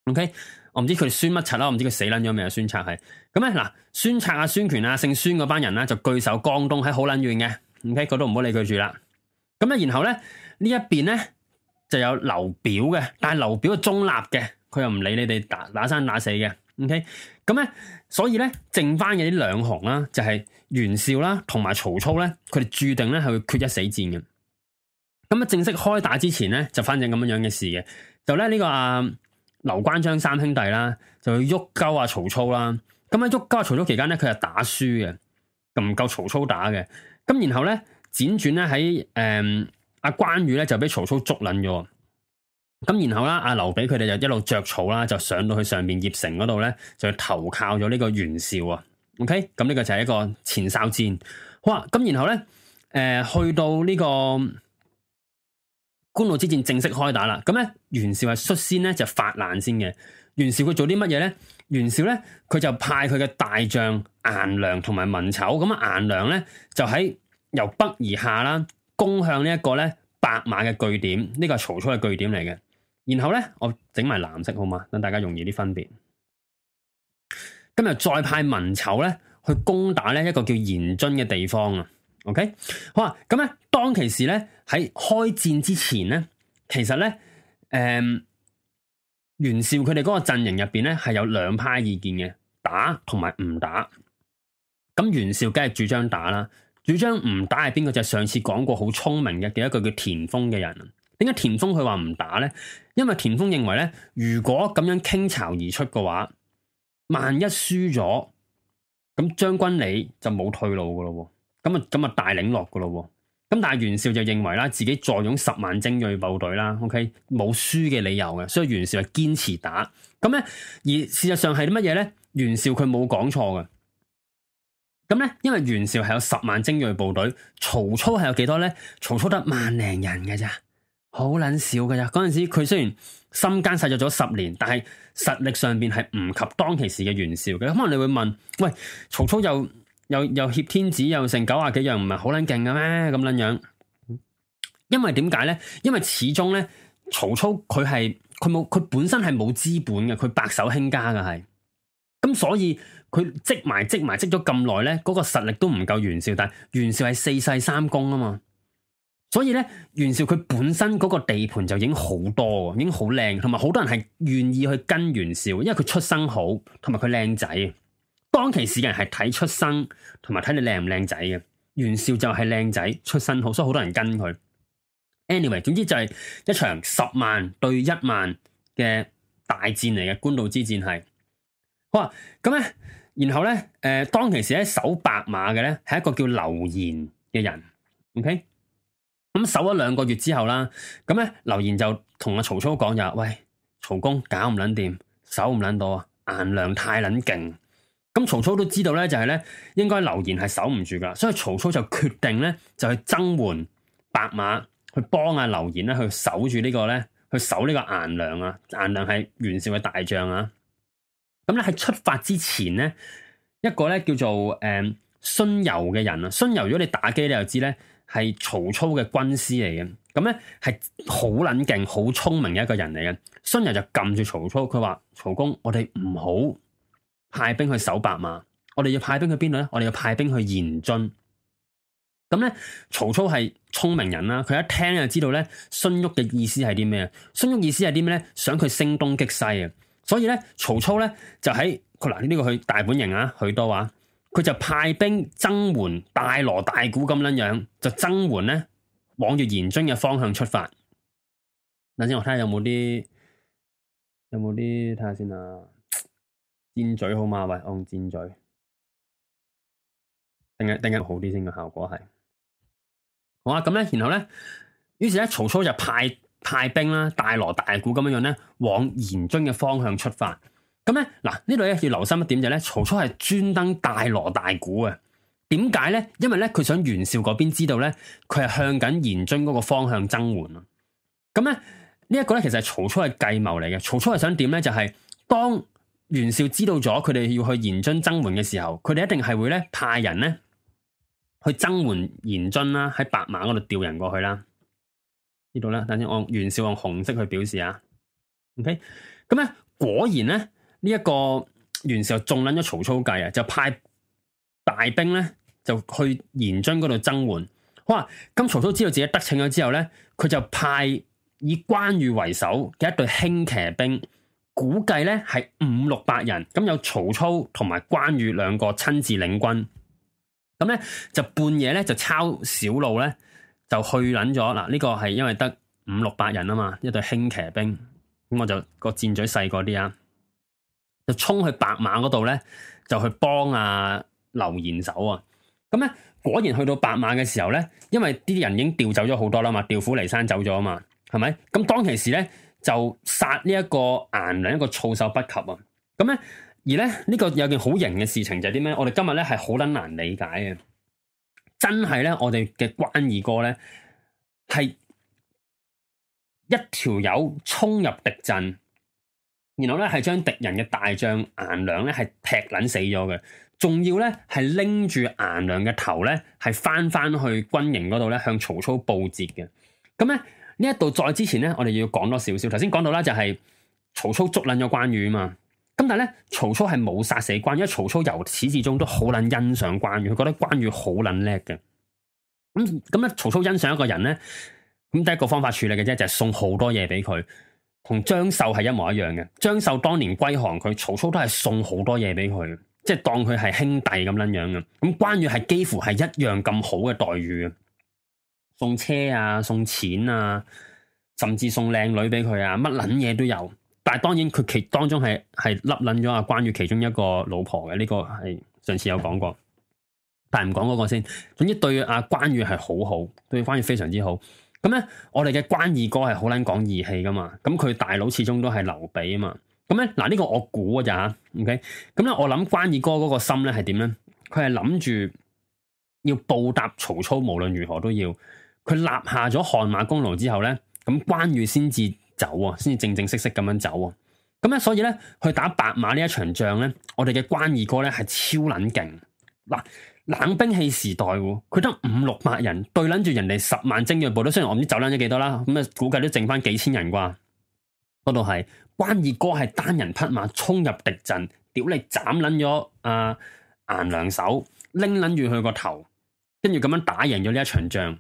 OK，我唔知佢孫乜策啦，我唔知佢死撚咗未啊。孫策係。咁咧嗱，孫策啊、孫權啊，姓孫嗰班人咧就據守江東喺好捻遠嘅，OK，佢都唔好理佢住啦。咁咧然後咧呢一邊咧就有劉表嘅，但係劉表係中立嘅，佢又唔理你哋打打生打死嘅，OK。咁咧所以咧剩翻嘅呢兩雄啦，就係袁紹啦，同埋曹操咧，佢哋注定咧係會決一死戰嘅。咁啊正式開打之前咧，就反正咁樣樣嘅事嘅，就咧呢、呢個阿、啊、劉關張三兄弟啦，就去喐鳩啊曹操啦。咁喺捉交曹操期間咧，佢係打輸嘅，就唔夠曹操打嘅。咁然後咧，輾轉咧喺誒阿關羽咧就俾曹操捉攆咗。咁然後啦，阿劉備佢哋就一路着草啦，就上到去上面鄴城嗰度咧，就投靠咗呢個袁紹啊。OK，咁呢個就係一個前哨戰。哇、啊！咁然後咧，誒、呃、去到呢、呢個官渡之戰正式開打啦。咁咧，袁紹係率先咧就發難先嘅。袁紹佢做啲乜嘢咧？袁紹咧，佢就派佢嘅大將顏良同埋文醜，咁啊顏良咧就喺由北而下啦，攻向呢一個咧白馬嘅據點，呢、這個係曹操嘅據點嚟嘅。然後咧，我整埋藍色好嘛，等大家容易啲分別。今日再派文醜咧去攻打咧一個叫延津嘅地方啊。OK，好啊。咁咧當其時咧喺開戰之前咧，其實咧誒。嗯袁紹佢哋嗰個陣營入邊咧，係有兩派意見嘅，打同埋唔打。咁袁紹梗係主張打啦，主張唔打係邊個就係上次講過好聰明嘅嘅一個叫田豐嘅人。點解田豐佢話唔打咧？因為田豐認為咧，如果咁樣傾巢而出嘅話，萬一輸咗，咁將軍你就冇退路噶咯，咁啊咁啊大領落噶咯。咁但係袁紹就認為啦，自己坐擁十萬精銳部隊啦，OK，冇輸嘅理由嘅，所以袁紹係堅持打。咁咧，而事實上係啲乜嘢咧？袁紹佢冇講錯嘅。咁咧，因為袁紹係有十萬精銳部隊，曹操係有幾多咧？曹操得萬零人嘅咋，好撚少嘅咋。嗰陣時佢雖然心間世咗咗十年，但係實力上邊係唔及當其時嘅袁紹嘅。可能你會問，喂，曹操又？又又挾天子，又成九啊幾樣，唔係好撚勁嘅咩？咁撚樣？因為點解咧？因為始終咧，曹操佢係佢冇佢本身係冇資本嘅，佢白手興家嘅係。咁所以佢積埋積埋積咗咁耐咧，嗰個實力都唔夠袁紹。但係袁紹係四世三公啊嘛，所以咧袁紹佢本身嗰個地盤就已經好多，已經好靚，同埋好多人係願意去跟袁紹，因為佢出生好，同埋佢靚仔。當其時嘅人係睇出生，同埋睇你靚唔靚仔嘅，袁紹就係靚仔，出身好，所以好多人跟佢。Anyway，總之就係一場十萬對一萬嘅大戰嚟嘅官渡之戰係。好啊，咁咧，然後咧，誒，當其時咧守白馬嘅咧，係一個叫劉言嘅人，ok，咁守咗兩個月之後啦，咁咧劉言就同阿曹操講就，喂，曹公搞唔捻掂，守唔捻到啊，顏良太捻勁。咁曹操都知道咧，就係咧，應該劉延係守唔住噶，所以曹操就決定咧，就去增援白馬去幫阿劉延咧，去守住呢個咧，去守呢個顏良啊。顏良係袁紹嘅大將啊。咁咧喺出發之前咧，一個咧叫做誒荀攸嘅人啊，荀攸如果你打機你又知咧，係曹操嘅軍師嚟嘅。咁咧係好冷靜、好聰明嘅一個人嚟嘅。荀攸就撳住曹操，佢話：曹公，我哋唔好。派兵去守白馬，我哋要派兵去邊度咧？我哋要派兵去延津。咁咧，曹操係聰明人啦。佢一聽就知道咧，荀彧嘅意思係啲咩？荀彧意思係啲咩咧？想佢聲東擊西啊。所以咧，曹操咧就喺佢嗱呢個佢大本營啊，許都啊，佢就派兵增援，大鑼大鼓咁樣樣，就增援咧往住延津嘅方向出發。嗱，先我睇下有冇啲有冇啲睇先啊。尖嘴好嘛？喂，用尖嘴，定係定係好啲先個效果係。好啊，咁咧，然後咧，於是咧，曹操就派派兵啦，大鑼大鼓咁樣樣咧，往延津嘅方向出發。咁咧，嗱呢度咧要留心一點就咧，曹操係專登大鑼大鼓啊。點解咧？因為咧，佢想袁紹嗰邊知道咧，佢係向緊延津嗰個方向增援啊。咁咧，呢一個咧，其實係曹操嘅計謀嚟嘅。曹操係想點咧？就係當。袁紹知道咗佢哋要去延津增援嘅時候，佢哋一定係會咧派人咧去增援延津啦，喺白馬嗰度調人過去啦。呢度啦，等陣我用袁紹用紅色去表示啊。OK，咁咧果然咧呢一，這個袁紹中撚咗曹操計啊，就派大兵咧就去延津嗰度增援。哇，啊！咁曹操知道自己得逞咗之後咧，佢就派以關羽為首嘅一隊輕騎兵。估計咧係五六百人，咁有曹操同埋關羽兩個親自領軍，咁咧就半夜咧就抄小路咧就去捻咗嗱，呢個係因為得五六百人啊嘛，一隊輕騎兵，咁我就個戰隊細個啲啊，就衝去白馬嗰度咧就去幫阿劉焉走啊，咁咧果然去到白馬嘅時候咧，因為啲人已經調走咗好多啦嘛，調虎離山走咗啊嘛，係咪？咁當其時咧。就殺呢一個顏良一個措手不及啊！咁咧，而咧呢、這個有件好型嘅事情就係點樣？我哋今日咧係好捻難理解嘅，真係咧我哋嘅關二哥咧係一條友衝入敵陣，然後咧係將敵人嘅大將顏良咧係劈捻死咗嘅，仲要咧係拎住顏良嘅頭咧係返返去軍營嗰度咧向曹操報捷嘅，咁咧。呢一度再之前咧，我哋要講多少少。頭先講到啦，就係曹操捉捻咗關羽啊嘛。咁但係咧，曹操係冇殺死關羽，因為曹操由始至終都好捻欣賞關羽，佢覺得關羽好捻叻嘅。咁咁咧，曹操欣賞一個人咧，咁、嗯、第一個方法處理嘅啫，就係送好多嘢俾佢，同張繡係一模一樣嘅。張繡當年歸降佢，曹操都係送好多嘢俾佢，即係當佢係兄弟咁捻樣嘅。咁、嗯、關羽係幾乎係一樣咁好嘅待遇嘅。送車啊，送錢啊，甚至送靚女俾佢啊，乜捻嘢都有。但係當然佢其當中係係笠捻咗啊，惹惹關羽其中一個老婆嘅呢、這個係上次有講過，但係唔講嗰個先。總之對阿關羽係好好，對關羽非常之好。咁咧，我哋嘅關二哥係好捻講義氣噶嘛？咁佢大佬始終都係劉備啊嘛？咁咧嗱呢、這個我估啊咋？OK？咁咧我諗關二哥嗰個心咧係點咧？佢係諗住要報答曹操，無論如何都要。佢立下咗汗馬功勞之後咧，咁關羽先至走啊，先至正正式式咁樣走啊，咁啊所以咧，去打白馬呢一場仗咧，我哋嘅關二哥咧係超撚勁，嗱冷兵器時代，佢得五六百人對撚住人哋十萬精銳部隊，雖然我唔知走撚咗幾多啦，咁啊估計都剩翻幾千人啩，嗰度係關二哥係單人匹馬沖入敵陣，屌你斬撚咗阿顏良手，拎撚住佢個頭，跟住咁樣打贏咗呢一場仗。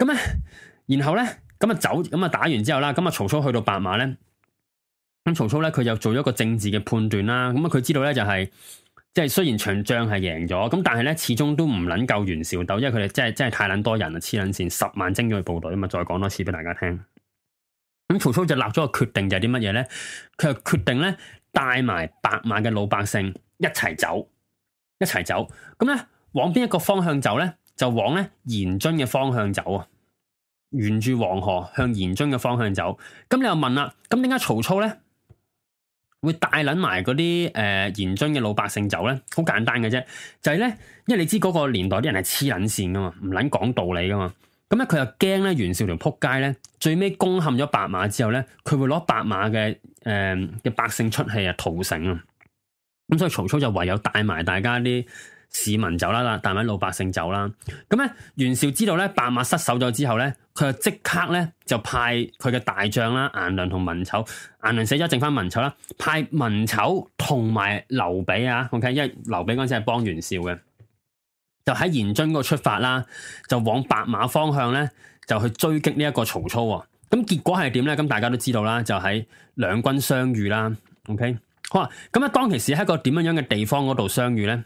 咁咧，然後咧，咁啊走，咁啊打完之後啦，咁啊曹操去到白馬咧，咁曹操咧佢又做咗個政治嘅判斷啦。咁啊佢知道咧就係、是，即係雖然場仗係贏咗，咁但係咧始終都唔能夠袁紹鬥，因為佢哋真係真係太捻多人啊，黐捻線，十萬精銳部隊啊嘛。再講多次俾大家聽。咁曹操就立咗個決定，就係啲乜嘢咧？佢就決定咧帶埋白馬嘅老百姓一齊走，一齊走。咁咧往邊一個方向走咧？就往咧延津嘅方向走啊，沿住黃河向延津嘅方向走。咁你又問啦，咁點解曹操咧會帶捻埋嗰啲誒延津嘅老百姓走咧？好簡單嘅啫，就係咧，因為你知嗰個年代啲人係黐捻線噶嘛，唔捻講道理噶嘛。咁咧佢又驚咧袁紹條扑街咧，最尾攻陷咗白馬之後咧，佢會攞白馬嘅誒嘅百姓出氣啊，屠城啊。咁所以曹操就唯有帶埋大家啲。市民走啦啦，但係老百姓走啦。咁咧，袁紹知道咧白馬失守咗之後咧，佢就即刻咧就派佢嘅大將啦顏良同文醜，顏良死咗，剩翻文醜啦。派文醜同埋劉備啊，OK，因為劉備嗰陣時係幫袁紹嘅，就喺延津嗰度出發啦，就往白馬方向咧就去追擊呢一個曹操。咁、嗯、結果係點咧？咁大家都知道啦，就喺兩軍相遇啦。OK，好啊。咁啊，當其時喺一個點樣樣嘅地方嗰度相遇咧？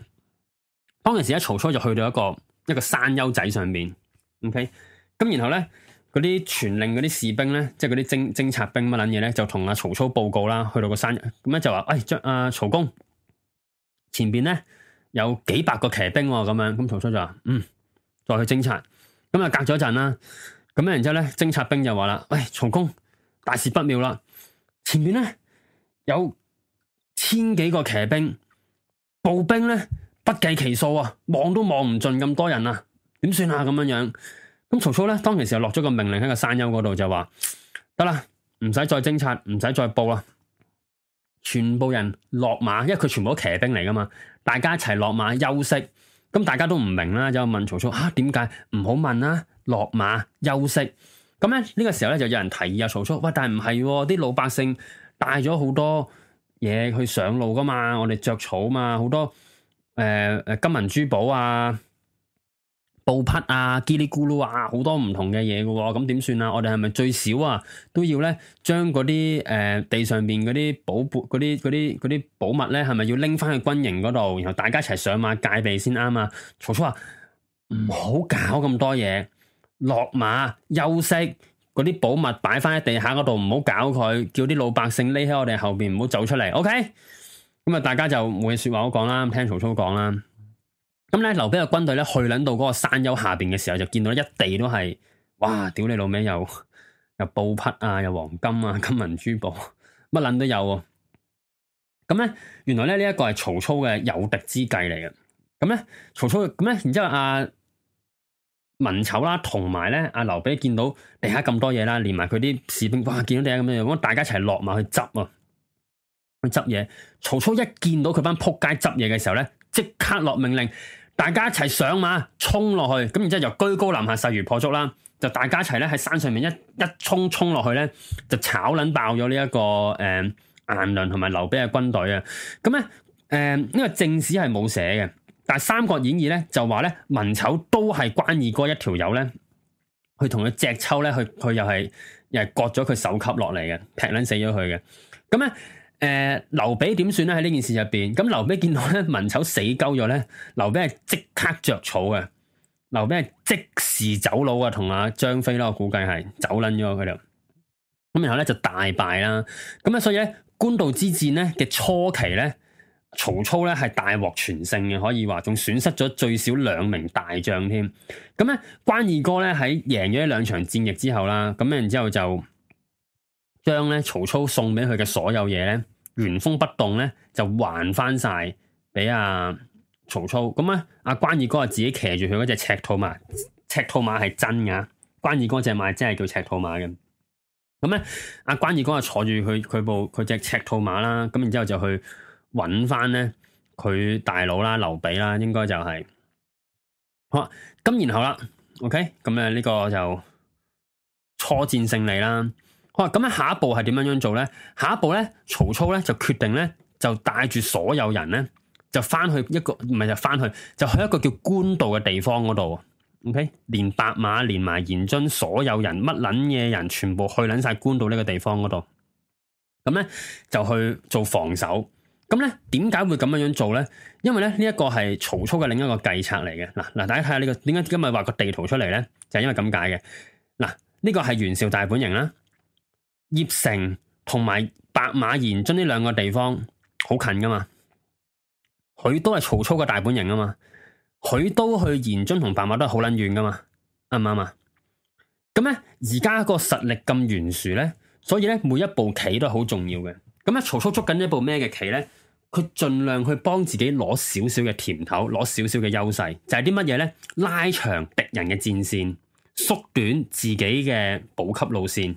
當陣時，阿曹操就去到一個一個山丘仔上面，OK 咁然後咧嗰啲傳令嗰啲士兵咧，即係嗰啲偵偵察兵乜撚嘢咧，就同阿曹操報告啦，去到個山，咁咧就話，喂、哎，將、啊、阿曹公前邊咧有幾百個騎兵咁、哦、樣，咁曹操就話嗯再去偵察，咁啊隔咗一陣啦，咁樣然之後咧偵察兵就話啦，喂、哎，曹公大事不妙啦，前邊咧有千幾個騎兵、步兵咧。不計其數啊，望都望唔盡咁多人啊，點算啊？咁樣樣，咁曹操咧，當其時候落咗個命令喺個山丘嗰度，就話得啦，唔使再偵察，唔使再報啦，全部人落馬，因為佢全部都騎兵嚟噶嘛，大家一齊落馬休息。咁大家都唔明啦，就問曹操：吓點解唔好問啦？落馬休息。咁咧呢、呢個時候咧就有人提議啊，曹操：喂，但係唔係啲老百姓帶咗好多嘢去上路噶嘛？我哋着草嘛，好多。誒誒、呃，金銀珠寶啊，布匹啊，嘰裡咕嚕啊，好多唔同嘅嘢嘅，咁點算啊？我哋係咪最少啊都要咧，將嗰啲誒地上邊嗰啲寶貝、啲啲啲寶物咧，係咪要拎翻去軍營嗰度，然後大家一齊上馬戒備先啱啊？曹操話唔好搞咁多嘢，落馬休息，嗰啲寶物擺翻喺地下嗰度，唔好搞佢，叫啲老百姓匿喺我哋後邊，唔好走出嚟，OK？咁啊！大家就冇嘢說話好講啦，聽曹操講啦。咁咧、嗯，劉備嘅軍隊咧去撚到嗰個山丘下邊嘅時候，就見到一地都係，哇！屌你老味！」又又布匹啊，又黃金啊，金銀珠寶乜捻都有，啊。咁、嗯、咧，原來咧呢一個係曹操嘅誘敵之計嚟嘅。咁、嗯、咧，曹操咁咧、嗯，然之後阿、啊、文醜啦、啊，同埋咧阿劉備見到地下咁多嘢啦，連埋佢啲士兵，哇！見到地下咁多嘢，咁大家一齊落馬去執啊！去執嘢，曹操一見到佢班撲街執嘢嘅時候咧，即刻落命令，大家一齊上馬衝落去，咁然之後就居高臨下勢如破竹啦，就大家一齊咧喺山上面一一衝衝落去咧，就炒捻爆咗、這個呃、呢一、呃這個誒顏良同埋劉備嘅軍隊啊！咁咧誒呢個正史係冇寫嘅，但係三國演義咧就話咧文醜都係關二哥一條友咧，佢同佢隻抽咧，佢佢又係又係割咗佢首級落嚟嘅，劈捻死咗佢嘅，咁咧。誒，劉備點算咧？喺呢件事入邊，咁劉備見到咧文醜死鳩咗咧，劉備係即刻着草嘅，劉備係即時走佬啊，同阿張飛啦，我估計係走捻咗佢啦。咁然後咧就大敗啦。咁啊，所以咧官渡之戰咧嘅初期咧，曹操咧係大獲全勝嘅，可以話仲損失咗最少兩名大將添。咁、嗯、咧關二哥咧喺贏咗一兩場戰役之後啦，咁啊然之後就。將咧曹操送俾佢嘅所有嘢咧，原封不動咧就還翻晒俾阿曹操。咁啊，阿關二哥啊自己騎住佢嗰隻赤兔馬，赤兔馬係真噶，關二哥隻馬真係叫赤兔馬嘅。咁咧，阿關二哥啊坐住佢佢部佢隻赤兔馬啦。咁、嗯、然之後就去搵翻咧佢大佬啦，劉備啦，應該就係、是。好、嗯、啦，咁然後啦，OK，咁咧呢個就初戰勝利啦。哇！咁下一步係點樣樣做咧？下一步咧，曹操咧就決定咧，就帶住所有人咧，就翻去一個唔係就翻去，就去一個叫官渡嘅地方嗰度。OK，連白馬連埋延津，所有人乜捻嘢人，全部去捻晒官渡呢個地方嗰度。咁咧就去做防守。咁咧點解會咁樣樣做咧？因為咧呢一個係曹操嘅另一個計策嚟嘅。嗱嗱，大家睇下，呢個點解今日畫個地圖出嚟咧？就係因為咁解嘅。嗱，呢個係袁紹大本營啦。鄴城同埋白馬延津呢兩個地方好近噶嘛？佢都係曹操嘅大本營啊嘛，佢都去延津同白馬都係好捻遠噶嘛，啱唔啱啊？咁咧而家個實力咁懸殊咧，所以咧每一步棋都係好重要嘅。咁咧曹操捉緊一步咩嘅棋咧？佢盡量去幫自己攞少少嘅甜頭，攞少少嘅優勢，就係啲乜嘢咧？拉長敵人嘅戰線，縮短自己嘅補給路線。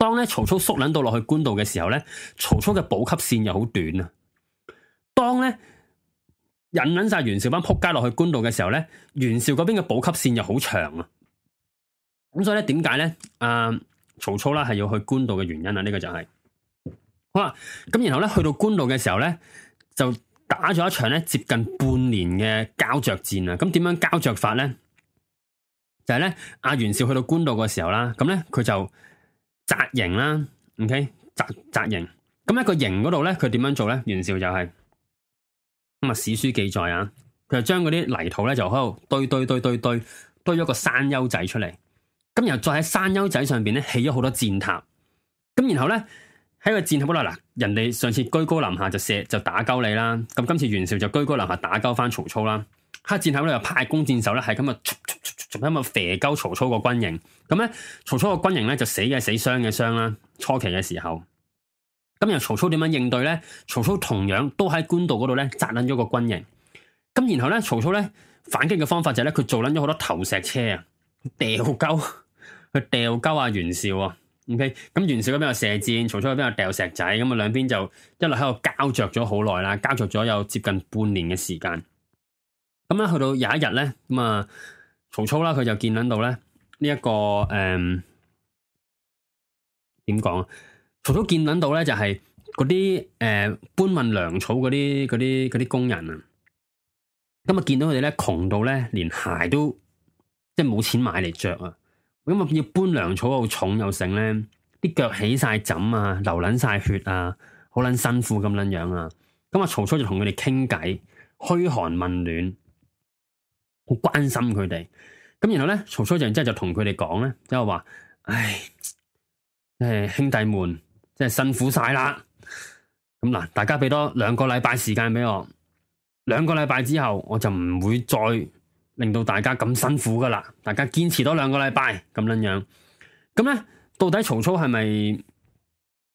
當咧曹操縮捻到落去官道嘅時候咧，曹操嘅補給線又好短啊。當咧引捻晒袁紹班扑街落去官道嘅時候咧，袁紹嗰邊嘅補給線又好長啊。咁所以咧，點解咧？啊，曹操啦係要去官道嘅原因啊，呢、這個就係、是、好啦、啊。咁然後咧，去到官道嘅時候咧，就打咗一場咧接近半年嘅膠着戰啊。咁點樣膠着法咧？就係、是、咧，阿袁紹去到官道嘅時候啦，咁咧佢就。紮營啦，OK，紮紮營。咁一個營嗰度咧，佢點樣做咧？袁紹就係咁啊，史書記載啊，佢就將嗰啲泥土咧就喺度堆堆堆堆堆堆咗個山丘仔出嚟。咁然後再喺山丘仔上邊咧起咗好多箭塔。咁然後咧喺個箭塔嗰度，嗱，人哋上次居高臨下就射就打鳩你啦。咁今次袁紹就居高臨下打鳩翻曹操啦。喺箭塔嗰度又派弓箭手咧，係咁啊！仲有一肥鳩曹操個軍營，咁咧曹操個軍營咧就死嘅死，傷嘅傷啦。初期嘅時候，咁然曹操點樣應對咧？曹操同樣都喺官道嗰度咧紮撚咗個軍營。咁然後咧，曹操咧反擊嘅方法就係咧，佢做撚咗好多投石車啊，掉鳩去掉鳩啊袁紹啊。OK，咁袁紹嗰邊有射箭，曹操嗰邊有掉石仔，咁啊兩邊就一路喺度交着咗好耐啦，交着咗有接近半年嘅時間。咁咧去到有一日咧咁啊。嗯曹操啦，佢就見到咧呢一個誒點講？曹操見到咧就係嗰啲誒搬運糧草嗰啲啲啲工人啊，咁啊見到佢哋咧窮到咧連鞋都即係冇錢買嚟着啊，咁啊要搬糧草又重又剩咧，啲腳起晒枕啊，流捻晒血啊，好捻辛苦咁撚樣啊，咁啊曹操就同佢哋傾偈，噓寒問暖。好關心佢哋，咁然後咧，曹操就即係就同佢哋講咧，即係話，唉，誒，兄弟們，真係辛苦晒啦，咁嗱，大家俾多兩個禮拜時間俾我，兩個禮拜之後，我就唔會再令到大家咁辛苦噶啦，大家堅持多兩個禮拜咁樣樣，咁咧，到底曹操係咪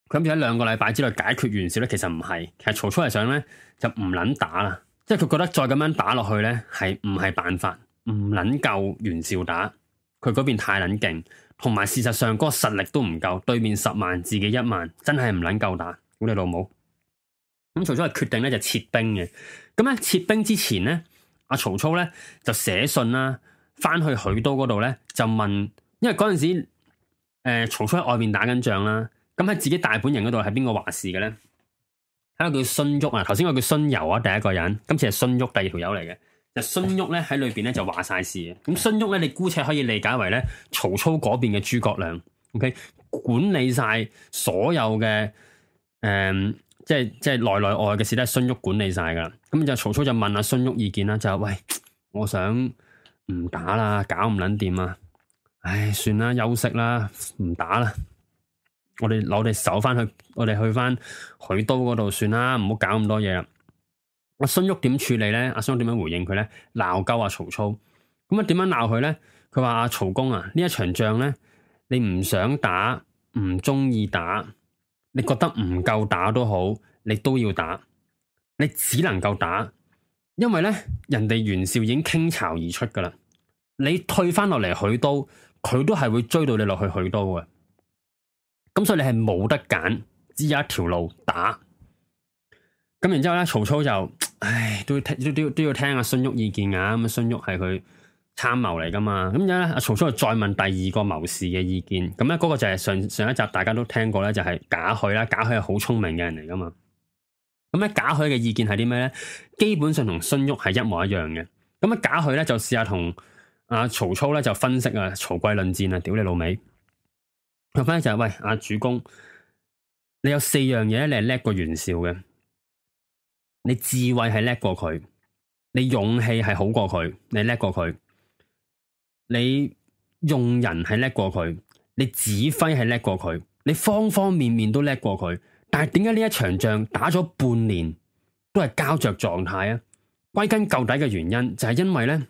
佢就喺兩個禮拜之內解決完事咧？其實唔係，其實曹操係想咧就唔捻打啦。即係佢覺得再咁樣打落去咧，係唔係辦法？唔撚夠袁紹打，佢嗰邊太撚勁，同埋事實上嗰個實力都唔夠，對面十萬，自己一萬，真係唔撚夠打。估你老母咁，曹操係決定咧就撤兵嘅。咁咧撤兵之前咧，阿、啊、曹操咧就寫信啦，翻去許都嗰度咧就問，因為嗰陣時誒、呃、曹操喺外面打緊仗啦，咁喺自己大本營嗰度係邊個話事嘅咧？睇到佢荀彧啊，頭先我叫荀攸啊，第一個人，今次係荀彧第二條友嚟嘅。孫就荀彧咧喺裏邊咧就話晒事。咁荀彧咧，你姑且可以理解為咧，曹操嗰邊嘅諸葛亮，OK，管理晒所有嘅，誒、呃，即係即係內內外嘅事咧，荀彧管理晒噶啦。咁、嗯、就曹操就問下荀彧意見啦，就喂，我想唔打啦，搞唔捻掂啊，唉，算啦，休息啦，唔打啦。我哋攞啲手翻去，我哋去翻許都嗰度算啦，唔好搞咁多嘢啦。阿荀彧點處理咧？阿荀彧點樣回應佢咧？鬧交啊！曹操，咁啊點樣鬧佢咧？佢話阿曹公啊，呢一場仗咧，你唔想打，唔中意打，你覺得唔夠打都好，你都要打，你只能夠打，因為咧人哋袁紹已經傾巢而出噶啦，你退翻落嚟許都，佢都係會追到你落去許都嘅。咁、嗯、所以你係冇得揀，只有一條路打。咁然之後咧，曹操就唉都都都，都要聽，都都都要聽阿荀彧意見啊。咁阿荀彧係佢參謀嚟噶嘛。咁樣咧，阿曹操就再問第二個謀士嘅意見。咁、嗯、咧，嗰、那個就係上上一集大家都聽過咧，就係賈詡啦。賈詡係好聰明嘅人嚟噶嘛。咁、嗯、咧，賈詡嘅意見係啲咩咧？基本上同荀彧係一模一樣嘅。咁、嗯、咧，賈詡咧就試下同阿曹操咧就分析啊，曹劌論戰啊，屌你老味。就反而就係喂，阿、啊、主公，你有四樣嘢咧，你係叻過袁紹嘅。你智慧係叻過佢，你勇氣係好過佢，你叻過佢，你用人係叻過佢，你指揮係叻過佢，你方方面面都叻過佢。但係點解呢一場仗打咗半年都係膠着狀態啊？歸根究底嘅原因就係因為咧，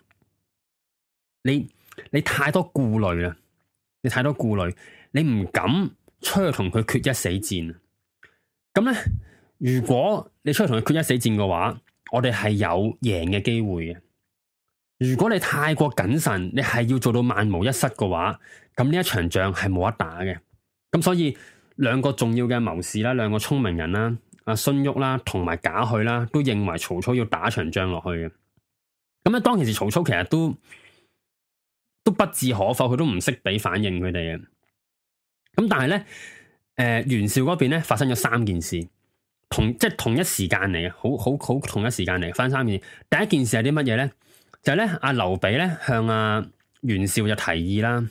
你你太多顧慮啦，你太多顧慮。你太多顧慮你唔敢出去同佢決一死戰，咁咧？如果你出去同佢決一死戰嘅話，我哋係有贏嘅機會嘅。如果你太過謹慎，你係要做到萬無一失嘅話，咁呢一場仗係冇得打嘅。咁所以兩個重要嘅謀士啦，兩個聰明人啦，阿荀彧啦，同埋賈詡啦，都認為曹操要打場仗落去嘅。咁咧，當其時曹操其實都都不置可否，佢都唔識俾反應佢哋嘅。咁但係咧，誒、呃、袁紹嗰邊咧發生咗三件事，同即係同一時間嚟嘅，好好好同一時間嚟，發生三件事。第一件事係啲乜嘢咧？就係咧阿劉備咧向阿、啊、袁紹就提議啦。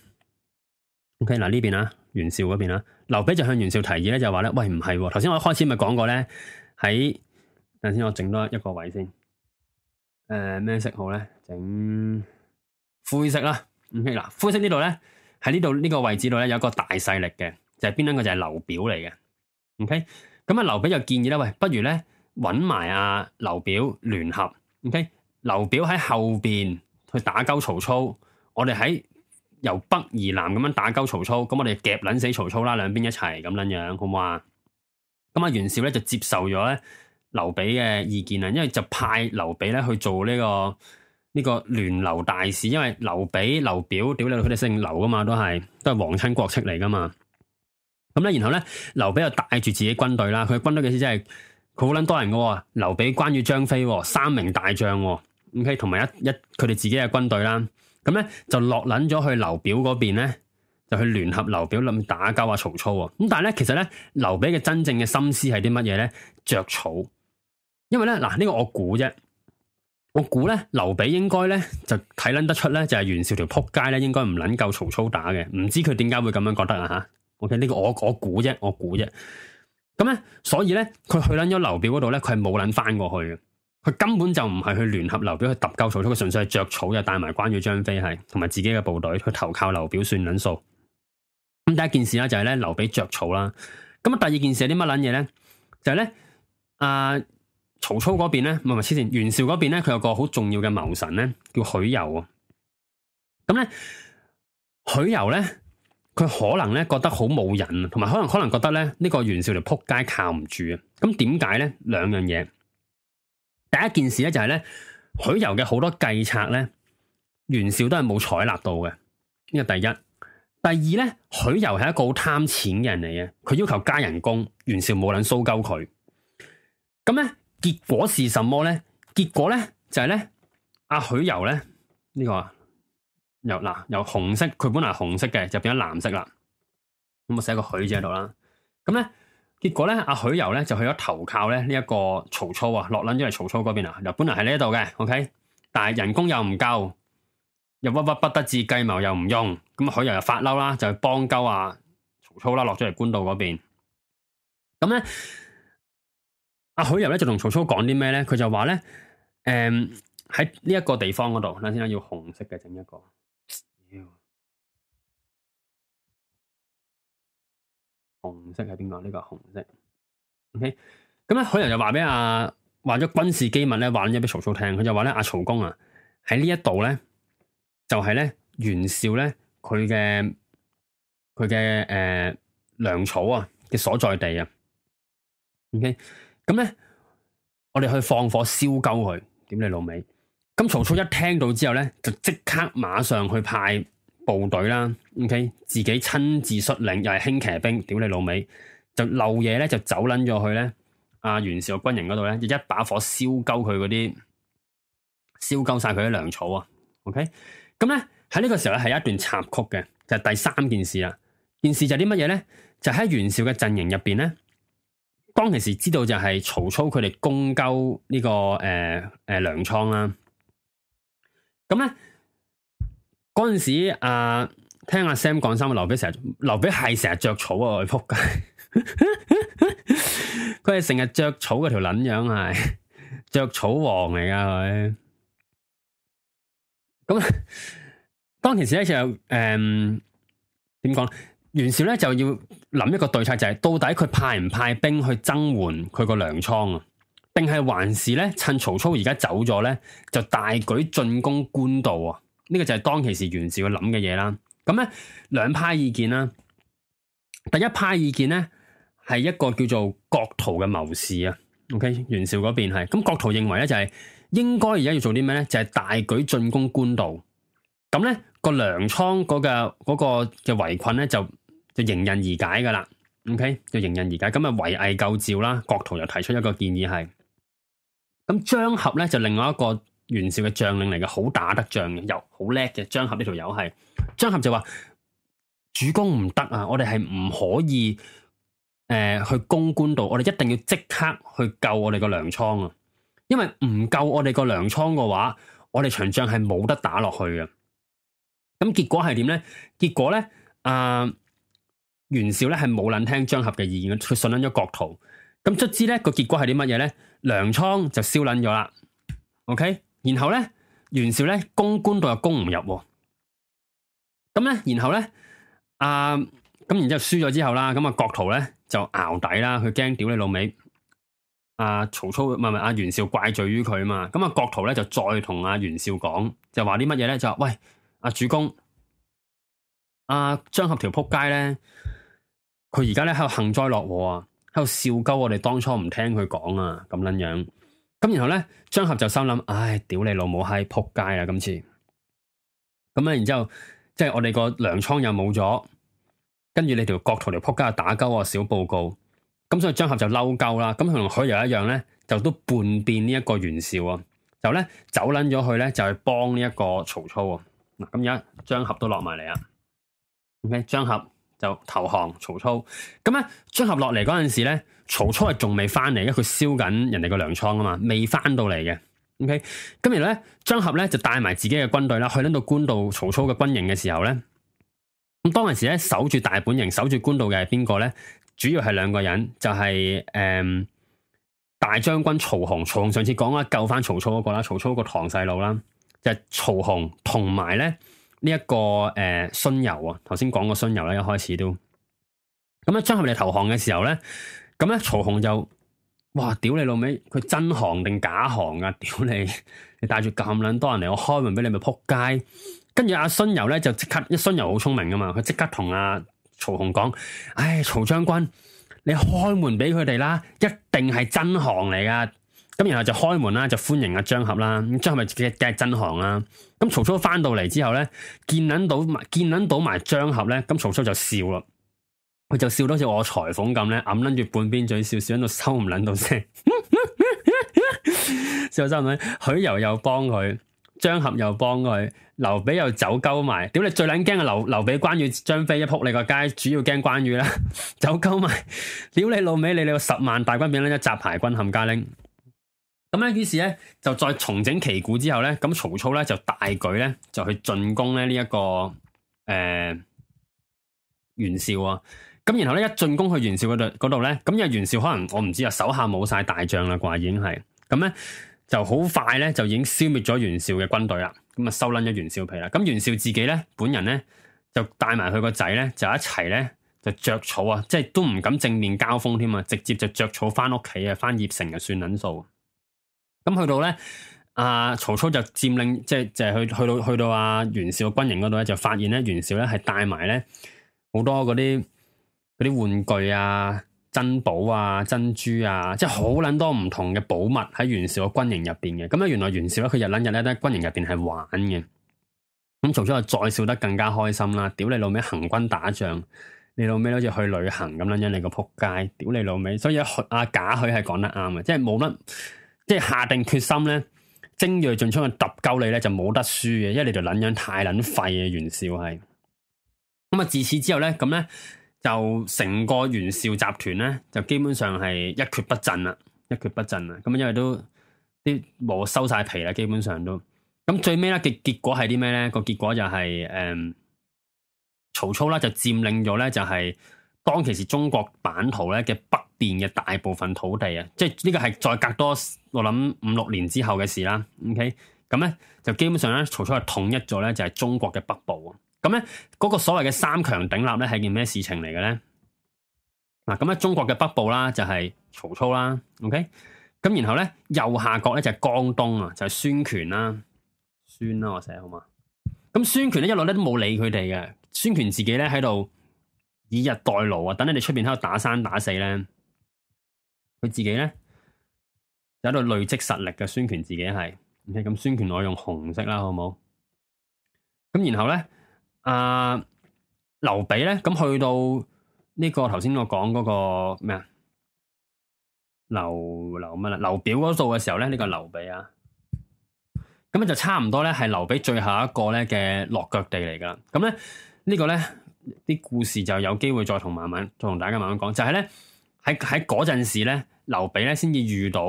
OK 嗱呢邊啦，袁紹嗰邊啦，劉備就向袁紹提議咧就話咧喂唔係喎，頭先、啊、我一開始咪講過咧喺等先我整多一個位先，誒、呃、咩色號咧？整灰色啦。OK、嗯、嗱灰色呢度咧。喺呢度呢個位置度咧，有一個大勢力嘅，就係邊兩個就係劉表嚟嘅。OK，咁啊，劉備就建議咧，喂，不如咧揾埋阿劉表聯合。OK，劉表喺後邊去打鳩曹操，我哋喺由北而南咁樣打鳩曹操，咁我哋夾捻死曹操啦，兩邊一齊咁樣樣，好唔好啊？咁、嗯、啊，袁紹咧就接受咗咧劉備嘅意見啦，因為就派劉備咧去做呢、這個。呢個聯劉大使，因為劉備、劉表，屌你，佢哋姓劉噶嘛，都係都係皇親國戚嚟噶嘛。咁咧，然後咧，劉備又帶住自己軍隊啦，佢軍隊嘅意思即係佢好撚多人噶、哦。劉備、關羽、張飛、哦、三名大將、哦、OK，同埋一一佢哋自己嘅軍隊啦。咁、嗯、咧就落撚咗去劉表嗰邊咧，就去聯合劉表諗打交啊曹操啊、哦。咁但係咧，其實咧，劉備嘅真正嘅心思係啲乜嘢咧？着草，因為咧嗱，呢、這個我估啫。我估咧，劉備應該咧就睇捻得出咧，就係袁紹條扑街咧，應該唔捻夠曹操打嘅。唔知佢點解會咁樣覺得啊吓？OK，呢個我我估啫，我估啫。咁咧，所以咧，佢去捻咗劉表嗰度咧，佢係冇捻翻過去嘅。佢根本就唔係去聯合劉表去揼夠曹操，佢純粹係着草，又帶埋關羽、張飛係，同埋自己嘅部隊去投靠劉表算捻數。咁第一件事啦，就係咧，劉備着草啦。咁啊，第二件事係啲乜捻嘢咧，就係、是、咧，啊、呃。曹操嗰邊咧，唔係唔黐線，袁紹嗰邊咧，佢有個好重要嘅謀臣咧，叫許攸啊。咁、嗯、咧，許攸咧，佢可能咧覺得好冇癮，同埋可能可能覺得咧呢個袁紹就撲街靠唔住啊。咁點解咧？兩樣嘢，第一件事咧就係咧，許攸嘅好多計策咧，袁紹都係冇採納到嘅，呢個第一。第二咧，許攸係一個好貪錢嘅人嚟嘅，佢要求加人工，袁紹冇諗騷鳩佢，咁、嗯、咧。嗯結果是什麼咧？結果咧就係、是、咧，阿許攸咧呢、這個，由嗱由紅色佢本來係紅色嘅，就變咗藍色啦。咁我寫個許字喺度啦。咁咧結果咧，阿許攸咧就去咗投靠咧呢一、這個曹操啊，落卵因為曹操嗰邊啊。又本來喺呢度嘅，OK，但係人工又唔夠，又屈屈不得志，計謀又唔用，咁許攸又發嬲啦，就幫鳩啊曹操啦，落咗嚟官渡嗰邊。咁咧。阿許攸咧就同曹操講啲咩咧？佢就話咧，誒、嗯，喺呢一個地方嗰度，等下先啦，要紅色嘅整一個。紅色係邊個？呢個紅色。O K，咁咧許攸就話俾阿話咗軍事機密咧，話咗俾曹操聽。佢就話咧，阿曹公啊，喺呢一度咧，就係咧袁紹咧佢嘅佢嘅誒糧草啊嘅所在地啊。O K。咁咧，我哋去放火燒鳩佢，屌你老味！咁曹操一聽到之後咧，就即刻馬上去派部隊啦，OK，自己親自率領又係輕騎兵，屌你老味！就漏夜咧就走撚咗去咧，阿、啊、袁紹嘅軍營嗰度咧，就一把火燒鳩佢嗰啲，燒鳩晒佢啲糧草啊，OK，咁咧喺呢個時候咧係一段插曲嘅，就是、第三件事啦，件事就係啲乜嘢咧？就喺袁紹嘅陣營入邊咧。當其時知道就係曹操佢哋攻鳩、這個呃呃、呢個誒誒糧倉啦，咁咧嗰陣時啊，聽阿 Sam 講三劉，劉備成日，劉備係成日着草啊，佢仆街，佢係成日着草嗰條撚樣係，着草王嚟噶佢。咁當其時咧就誒，點、呃、講？袁紹咧就要諗一個對策，就係、是、到底佢派唔派兵去增援佢個糧倉啊？定係還是咧趁曹操而家走咗咧，就大舉進攻官渡？啊？呢、這個就係當其時袁紹佢諗嘅嘢啦。咁咧兩派意見啦，第一派意見咧係一個叫做郭圖嘅謀士啊。OK，袁紹嗰邊係咁，郭、嗯、圖認為咧就係、是、應該而家要做啲咩咧？就係、是、大舉進攻官渡。咁咧、那個糧倉嗰個個嘅圍困咧就。就迎刃而解噶啦，OK？就迎刃而解。咁啊，圍魏救趙啦，郭圖又提出一個建議係，咁張合咧就另外一個袁紹嘅將領嚟嘅，好打得仗嘅，又好叻嘅。張合呢條友係，張合就話主公唔得啊，我哋係唔可以誒、呃、去攻官渡，我哋一定要即刻去救我哋個糧倉啊，因為唔救我哋個糧倉嘅話，我哋場仗係冇得打落去嘅。咁結果係點咧？結果咧，啊、呃！袁紹咧係冇捻聽張合嘅意見嘅，佢信捻咗郭圖。咁卒之咧個結果係啲乜嘢咧？糧倉就燒捻咗啦。OK，然後咧袁紹咧攻官渡又攻唔入。咁咧然後咧啊咁，然之後輸咗之後啦，咁啊郭圖咧就淆底啦，佢驚屌你老味，阿、啊、曹操唔係係阿袁紹怪罪於佢啊嘛？咁啊郭圖咧就再同阿袁紹講，就話啲乜嘢咧？就話喂阿、啊、主公，阿、啊、張合條扑街咧。佢而家咧喺度幸災樂禍啊，喺度笑鳩我哋當初唔聽佢講啊，咁捻樣。咁然後呢，張合就心諗，唉，屌你老母閪，撲街啊！今次咁啊，然之後即係我哋個糧倉又冇咗，跟住你條郭圖條撲街又打鳩啊，小報告。咁所以張合就嬲鳩啦。咁佢同許攸一樣呢，就都叛變呢一個袁紹啊，就呢，走捻咗去咧，就去幫呢一個曹操啊。嗱，咁而家張合都落埋嚟啊。O K，張合。就投降曹操，咁，咧張合落嚟嗰陣時咧，曹操係仲未翻嚟，因為佢燒緊人哋個糧倉啊嘛，未翻到嚟嘅。O K，咁而咧張合咧就帶埋自己嘅軍隊啦，去到官渡曹操嘅軍營嘅時候咧，咁當陣時咧守住大本營、守住官渡嘅係邊個咧？主要係兩個人，就係、是、誒、嗯、大將軍曹洪。曹洪上次講啦，救翻曹操嗰、那個啦，曹操個堂細佬啦，就是、曹洪同埋咧。呢、這個呃、一個誒，荀攸啊，頭先講個荀攸咧，一開始都咁咧，張郃嚟投降嘅時候咧，咁咧曹洪就，哇，屌你老味，佢真降定假降啊？屌你，你帶住咁卵多人嚟，我開門俾你咪扑街。跟住阿荀攸咧就即刻，一荀攸好聰明噶嘛，佢即刻同阿、啊、曹洪講，唉、哎，曹將軍，你開門俾佢哋啦，一定係真降嚟噶。咁然後就開門啦，就歡迎阿、啊、張合啦。張合咪自己既係真行啦、啊。咁曹操翻到嚟之後咧，見捻到見捻到埋張合咧，咁曹操就笑啦。佢就笑到好似我裁縫咁咧，揞捻住半邊嘴笑，笑到收唔捻到聲。笑後收唔捻，許攸又，又幫佢，張合又幫佢，劉備又走鳩埋。屌你 最捻驚嘅劉劉備、關羽、張飛一扑你個街， 主要驚關羽啦，走鳩埋。屌你老味，你你十萬大軍變拎一雜牌軍冚家拎。咁咧，於是咧就再重整旗鼓之後咧，咁曹操咧就大舉咧就去進攻咧呢一個誒、呃、袁紹啊。咁然後咧一進攻去袁紹嗰度嗰度咧，咁又袁紹可能我唔知啊，手下冇晒大將啦啩，已經係咁咧就好快咧就已經消滅咗袁紹嘅軍隊啦。咁啊收撚咗袁紹皮啦。咁袁紹自己咧本人咧就帶埋佢個仔咧就一齊咧就着草啊，即係都唔敢正面交鋒添啊，直接就着草翻屋企啊，翻葉城就算撚數。咁去到咧，阿、啊、曹操就佔領，即係就係去去到去到阿、啊、袁紹嘅軍營嗰度咧，就發現咧袁紹咧係帶埋咧好多嗰啲啲玩具啊、珍寶啊、珍珠啊，即係好撚多唔同嘅寶物喺袁紹嘅軍營入邊嘅。咁咧，原來袁紹咧佢日撚日咧喺軍營入邊係玩嘅。咁曹操就再笑得更加開心啦！屌你老味行軍打仗，你老味好似去旅行咁撚樣，你個仆街！屌你老味，所以阿阿賈詡係講得啱嘅，即係冇乜。即係下定決心咧，精銳盡出去揼鳩你咧就冇得輸嘅，因為你就捻樣太捻廢啊！袁紹係咁啊，自此之後咧，咁咧就成個袁紹集團咧就基本上係一蹶不振啦，一蹶不振啦。咁因為都啲冇收晒皮啦，基本上都咁最尾咧嘅結果係啲咩咧？個結果就係、是、誒、嗯，曹操咧就佔領咗咧，就係當其時中國版圖咧嘅北。嘅大部分土地啊，即係呢個係再隔多我諗五六年之後嘅事啦。OK，咁咧就基本上咧，曹操係統一咗咧就係、是、中國嘅北部呢、那個、呢呢啊。咁咧嗰個所謂嘅三強鼎立咧係件咩事情嚟嘅咧？嗱，咁咧中國嘅北部啦就係、是、曹操啦。OK，咁然後咧右下角咧就係、是、江東啊，就係、是、孫權啦，孫啦我寫好嘛。咁孫權咧一路咧都冇理佢哋嘅，孫權自己咧喺度以逸待勞啊，等你哋出邊喺度打三打四咧。佢自己咧喺度累積實力嘅，孫權自己係唔係？咁孫權我用紅色啦，好唔好？咁然後咧，阿劉備咧，咁去到呢個頭先我講嗰個咩啊？劉劉乜啦？劉表嗰度嘅時候咧，呢個劉備啊，咁啊就差唔多咧，係劉備最後一個咧嘅落腳地嚟噶。咁咧呢個咧啲故事就有機會再同慢慢再同大家慢慢講，就係咧。喺喺嗰陣時咧，劉備咧先至遇到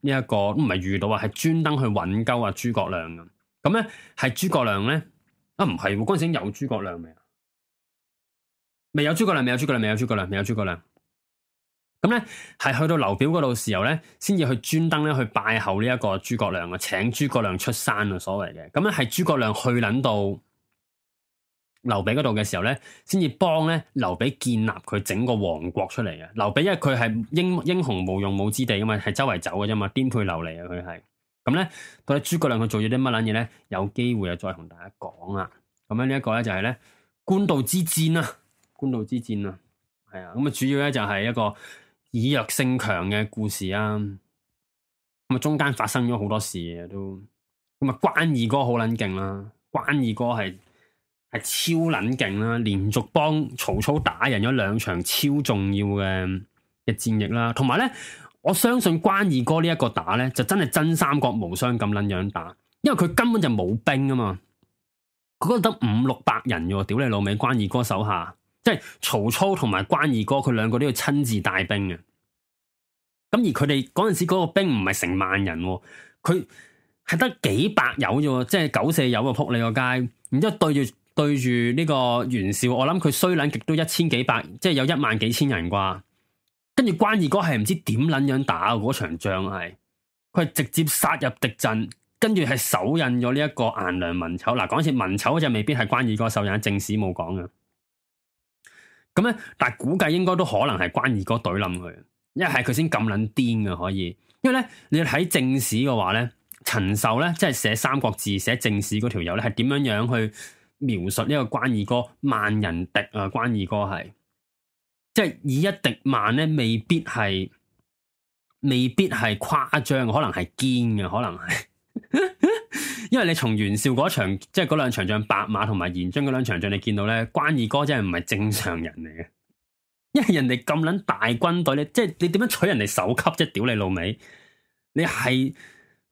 呢一個，唔係遇到啊，係專登去搵鳩啊諸葛亮啊。咁咧，係諸葛亮咧，啊唔係，嗰陣時有諸葛亮未啊？未有諸葛亮，未有諸葛亮，未有諸葛亮，未有諸葛亮。咁咧，係去到劉表嗰度時候咧，先至去專登咧去拜候呢一個諸葛亮啊，請諸葛亮出山啊，所謂嘅。咁咧，係諸葛亮去捻到。劉備嗰度嘅時候咧，先至幫咧劉備建立佢整個王國出嚟嘅。劉備因為佢係英英雄無用武之地噶嘛，係周圍走嘅啫嘛，顛沛流離啊佢係。咁、嗯、咧，到底諸葛亮佢做咗啲乜捻嘢咧？有機會啊，再同大家講啊。咁、嗯、樣、這個、呢一個咧就係咧官渡之戰啦，官渡之戰啊，係啊。咁啊、嗯，主要咧就係一個以弱勝強嘅故事啊。咁、嗯、啊，中間發生咗好多事啊都。咁、嗯、啊，關二哥好捻勁啦，關二哥係。係超捻勁啦，連續幫曹操打贏咗兩場超重要嘅嘅戰役啦、啊。同埋咧，我相信關二哥呢一個打咧，就真係真三國無雙咁捻樣打，因為佢根本就冇兵啊嘛。佢嗰度得五六百人嘅，屌你老味，關二哥手下，即係曹操同埋關二哥，佢兩個都要親自帶兵嘅。咁而佢哋嗰陣時嗰個兵唔係成萬人，哦，佢係得幾百友啫，即係九四友啊，撲你個街，然之後對住。對住呢個袁紹，我諗佢衰卵極都一千幾百，即係有一萬幾千人啩。跟住關二哥係唔知點卵樣打嗰場仗，係佢直接殺入敵陣，跟住係手印咗呢、啊、一個顏良文醜。嗱，講似文醜就未必係關二哥手印，正史冇講嘅。咁咧，但係估計應該都可能係關二哥懟冧佢，一係佢先咁卵癲嘅可以。因為咧，你要睇正史嘅話咧，陳壽咧即係寫三國志寫正史嗰條友咧，係點樣樣去？描述呢個關二哥萬人敵啊！關二哥係即係以一敵萬咧，未必係，未必係誇張，可能係堅嘅，可能係。 因為你從袁紹嗰場，即係嗰兩場仗，白馬同埋延津嗰兩場仗，你見到咧，關二哥真係唔係正常人嚟嘅。因為人哋咁捻大軍隊咧，即係你點樣取人哋首級，即係屌你老味，你係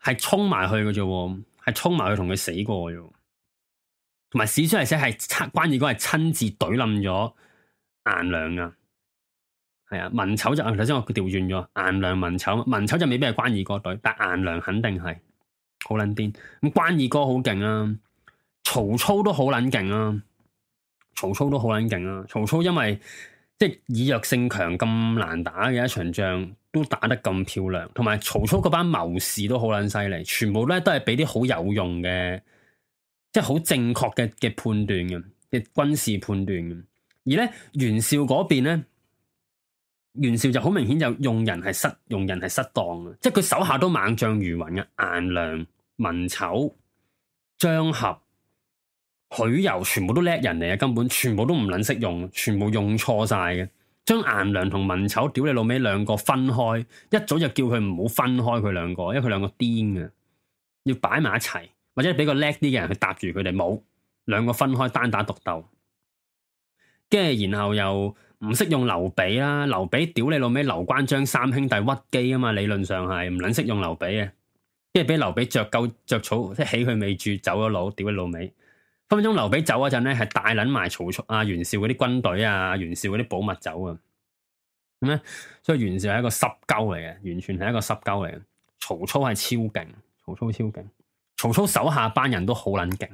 係衝埋去嘅啫，係衝埋去同佢死過嘅。同埋史書嚟寫，係關二哥係親自懟冧咗顏良啊，係啊，文醜就頭先我調轉咗，顏良、文丑，文醜就未必係關二哥懟，但顏良肯定係好撚癲。咁關二哥好勁啊！曹操都好撚勁啊！曹操都好撚勁啊！曹操因為即係以弱勝強咁難打嘅一場仗，都打得咁漂亮，同埋曹操嗰班謀士都好撚犀利，全部咧都係俾啲好有用嘅。即係好正確嘅嘅判斷嘅嘅軍事判斷嘅，而咧袁紹嗰邊咧，袁紹就好明顯就用人係失用人係失當嘅，即係佢手下都猛將如雲嘅，顏良、文醜、張合、許攸全部都叻人嚟啊，根本全部都唔撚識用，全部用錯晒嘅。將顏良同文醜，屌你老味兩個分開，一早就叫佢唔好分開佢兩個，因為佢兩個癲嘅，要擺埋一齊。或者俾個叻啲嘅人去搭住佢哋，冇兩個分開單打獨鬥，跟住然後又唔識用劉備啦，劉備屌你老味，劉關張三兄弟屈機啊嘛，理論上係唔撚識用劉備嘅，跟住俾劉備着夠着草，即係起佢未住，走咗佬屌你老味。分分鐘劉備走嗰陣咧係帶撚埋曹操啊、袁紹嗰啲軍隊啊、袁紹嗰啲寶物走啊，咁咧、啊、所以袁紹係一個濕鳩嚟嘅，完全係一個濕鳩嚟嘅，曹操係超勁，曹操超勁。曹操手下班人都好撚勁，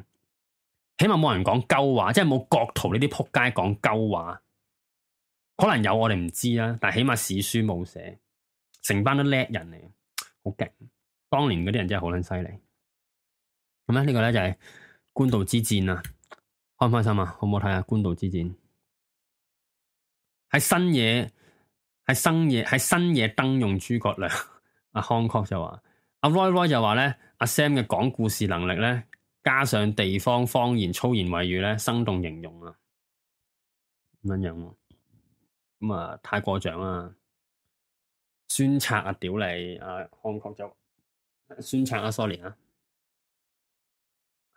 起碼冇人講鳩話，即係冇郭圖呢啲扑街講鳩話，可能有我哋唔知啦，但係起碼史書冇寫，成班都叻人嚟，好勁。當年嗰啲人真係好撚犀利。咁、嗯、咧、這個、呢個咧就係、是、官渡之戰啊，開唔開心啊？好唔好睇下、啊、官渡之戰喺新野，喺新野，喺新野登用諸葛亮，阿康克就話。阿 Roy，Roy 就話咧，阿 Sam 嘅講故事能力咧，加上地方方言、粗言穢語咧，生動形容啊，咁樣樣，咁啊，太過獎啦，孫策啊，屌你，阿漢國就孫策啊，sorry 啊，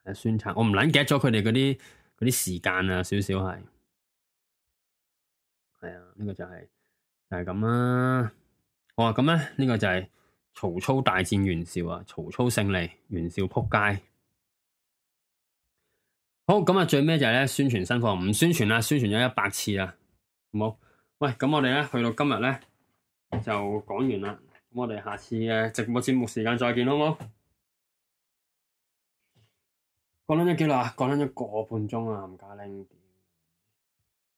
係孫策，我唔捻記得咗佢哋嗰啲嗰啲時間、哎這個就是就是、啊，少少係，係啊，呢、這個就係就係咁啦，哇，咁咧呢個就係。曹操大戰袁紹啊！曹操勝利，袁紹撲街。好，咁啊，最尾就係咧宣傳新貨，唔宣傳啦，宣傳咗一百次啦，好唔好？喂，咁我哋咧去到今日咧就講完啦。咁我哋下次嘅直播節目時間再見，好唔好？講緊咗幾耐啊？講緊咗一個半鐘啊，冚家拎。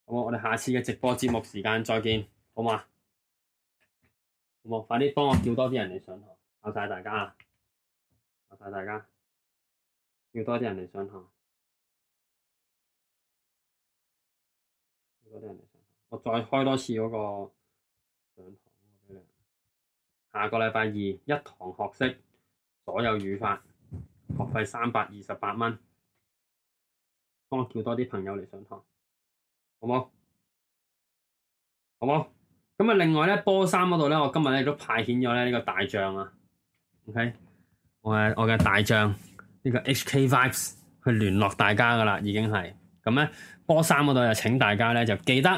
好，好，我哋下次嘅直播節目時間再見，好嗎？快啲幫我叫多啲人嚟上堂，多謝大家啊！多謝大家，叫多啲人嚟上堂。多啲人嚟上堂。我再開多次嗰個上堂畀你。下個禮拜二一堂學識所有語法，學費三百二十八蚊。幫我叫多啲朋友嚟上堂，好嗎？好嗎？咁另外咧，波三嗰度咧，我今日咧都派遣咗呢個大將啊，OK，我嘅大將呢、這個 HK Vibes 去聯絡大家噶啦，已經係咁咧，波三嗰度又請大家咧就記得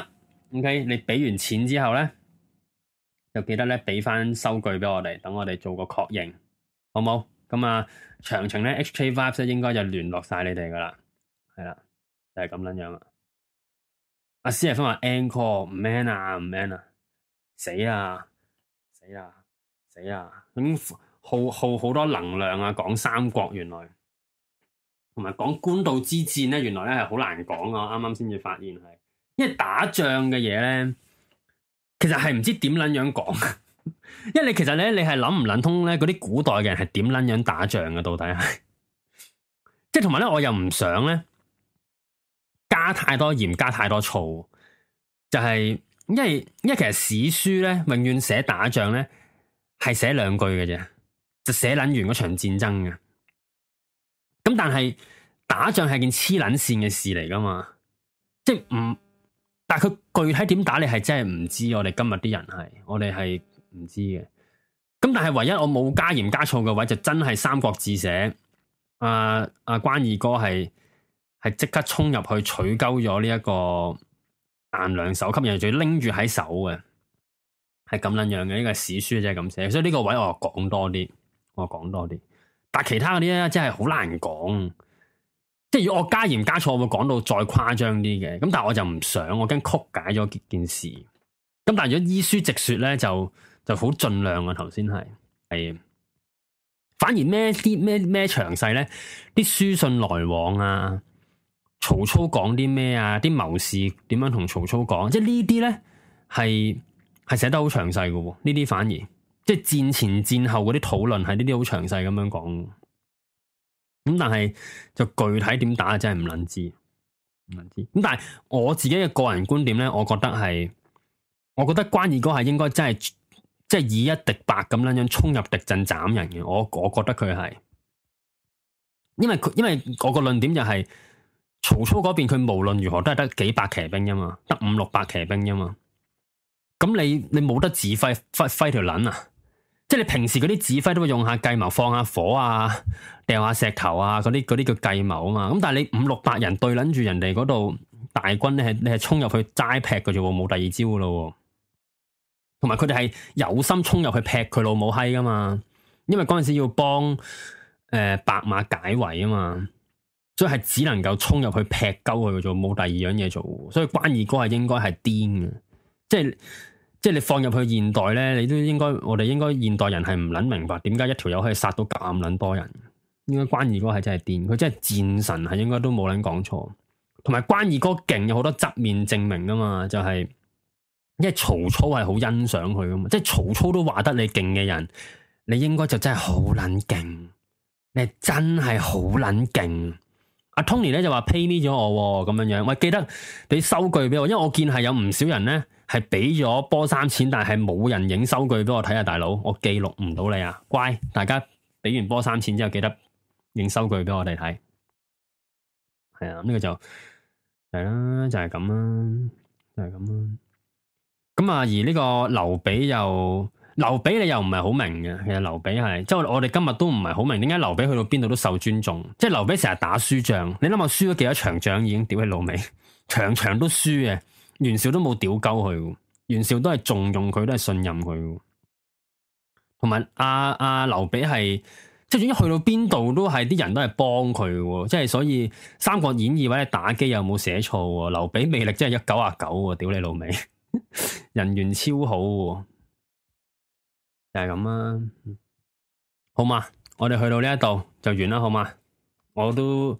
，OK，你俾完錢之後呢，就記得咧俾返收據俾我哋，等我哋做個確認，好冇？咁啊，詳情呢 HK Vibes 咧應該就聯絡晒你哋噶啦，係啦，就係咁捻樣啊。阿詩啊，分話 anchor 唔 man 啊，唔 man 啊。死啊！死啊！死啊！咁耗耗好多能量啊！講三國原來，同埋講官渡之戰咧，原來咧係好難講噶。啱啱先至發現係，因為打仗嘅嘢咧，其實係唔知點撚樣講。因為你其實咧，你係諗唔諗通咧？嗰啲古代嘅人係點撚樣打仗嘅？到底係即係同埋咧，我又唔想咧加太多鹽，加太多醋，就係、是。因為因為其實史書咧，永遠寫打仗咧係寫兩句嘅啫，就寫撚完嗰場戰爭嘅。咁但係打仗係件黐撚綫嘅事嚟㗎嘛，即係唔，但係佢具體點打你係真係唔知。我哋今日啲人係，我哋係唔知嘅。咁但係唯一我冇加鹽加醋嘅位就真係三國志寫，阿、啊、阿、啊、關二哥係係即刻衝入去取鳩咗呢一個。顏良首級，吸引仲要拎住喺手嘅，係咁捻樣嘅，呢個史書啫咁寫，所以呢個位我講多啲，我講多啲。但係其他嗰啲咧，真係好難講，即係如果我加鹽加醋，我會講到再誇張啲嘅。咁但係我就唔想我驚曲解咗件事。咁但係如果依書直說咧，就就好盡量啊。頭先係係，反而咩啲咩咩詳細咧，啲書信來往啊。曹操講啲咩啊？啲謀士點樣同曹操講？即係呢啲咧，係係寫得好詳細嘅。呢啲反而即係戰前戰後嗰啲討論，係呢啲好詳細咁樣講。咁但係就具體點打，真係唔能知。唔能知。咁，但係我自己嘅個人觀點咧，我覺得係，我覺得關二哥係應該真係即係以一敵百咁樣樣衝入敵陣斬人嘅。我我覺得佢係，因為佢因為我個論點就係、是。曹操嗰邊佢無論如何都係得幾百騎兵啫嘛，得五六百騎兵啫嘛。咁你你冇得指揮揮揮條捻啊！即係你平時嗰啲指揮都會用下計謀，放下火啊，掟下石頭啊，嗰啲嗰啲叫計謀啊嘛。咁但係你五六百人對捻住人哋嗰度大軍你，你係你係衝入去齋劈嘅啫，冇第二招咯，啊。同埋佢哋係有心衝入去劈佢老母閪噶嘛，因為嗰陣時要幫誒、呃、白馬解圍啊嘛。所以係只能夠衝入去劈鳩去做，冇第二樣嘢做。所以關二哥係應該係癲嘅，即係即係你放入去現代咧，你都應該我哋應該現代人係唔捻明白點解一條友可以殺到咁捻多人。應該關二哥係真係癲，佢真係戰神，係應該都冇捻講錯。同埋關二哥勁有好多側面證明噶嘛，就係因為曹操係好欣賞佢噶嘛，即係曹操都話得你勁嘅人，你應該就真係好捻勁，你真係好捻勁。啊、Tony 咧就話 pay me 咗我咁，啊、樣樣，喂記得俾收據俾我，因為我見係有唔少人咧係俾咗波衫錢，但係冇人影收據俾我睇？啊，大佬，我記錄唔到你啊，乖，大家俾完波衫錢之後記得影收據俾我哋睇，係啊，呢、嗯，這個就係啦，啊，就係咁啦，就係咁啦，咁啊而呢個劉比又，劉備你又唔係好明嘅，其實劉備係即係我哋今日都唔係好明，點解劉備去到邊度都受尊重？即係劉備成日打輸仗，你諗下輸咗幾多場，仗已經屌起老味，場場都輸嘅，袁紹都冇屌鳩佢，袁紹都係重用佢，都係信任佢。同埋阿阿劉備係即係，總之，去到邊度都係啲人都係幫佢，即係所以《三國演義》或者打機又冇寫錯？劉備魅力真係一九啊九，屌你老味，人緣超好。就係咁啦，好嘛？我哋去到呢一度就完啦，好嘛？我都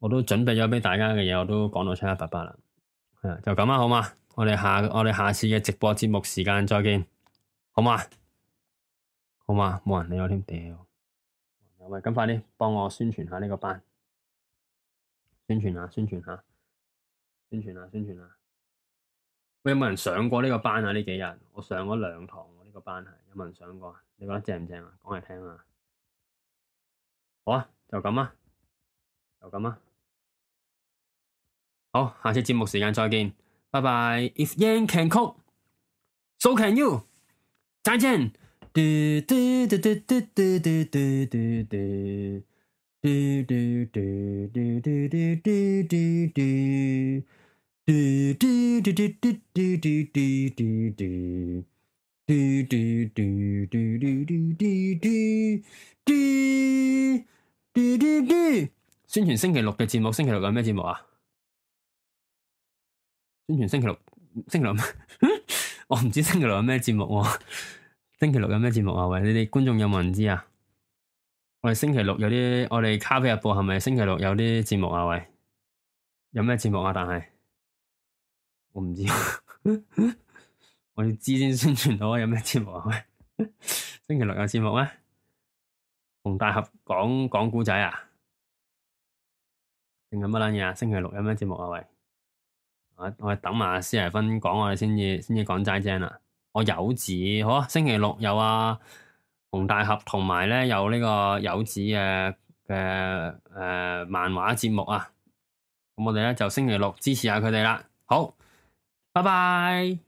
我都準備咗畀大家嘅嘢，我都講到七七八八啦、啊。就咁啊，好嘛？我哋下我哋下次嘅直播節目時間再見，好嘛？好嘛？冇人理我添屌。喂，咁快啲幫我宣傳下呢個班，宣傳下，宣傳下，宣傳下，宣傳下。喂，有冇人上過呢個班啊？呢幾日我上咗兩堂呢、呢個班係。有冇人上過？你覺得正唔正啊？講嚟聽啊！好啊，就咁啊，就咁啊！好，下次節目時間再見，拜拜。If Yan can cook, so can you。再見。嘟嘟嘟嘟嘟嘟嘟嘟嘟嘟嘟嘟！宣傳星期六嘅節目，星期六有咩節目啊？宣傳星期六，星期六我唔知星期六有咩節目喎。星期六有咩節目啊？喂，你哋觀眾有冇人知啊？我哋星期六有啲，我哋咖啡日報係咪星期六有啲節目啊？喂，有咩節目啊？但係我唔知。 我哋知先宣傳到啊！有咩節目啊？喂、 啊，星期六有節目咩？洪大俠講講古仔啊？定係乜捻嘢啊？星期六有咩節目啊？喂、啊，我等我等埋阿施麗芬講我哋先至先至講齋正啦、啊。我有子，好啊！星期六有啊，洪大俠同埋咧有呢有個有子嘅嘅誒漫畫節目啊。咁我哋咧就星期六支持下佢哋啦。好，拜拜。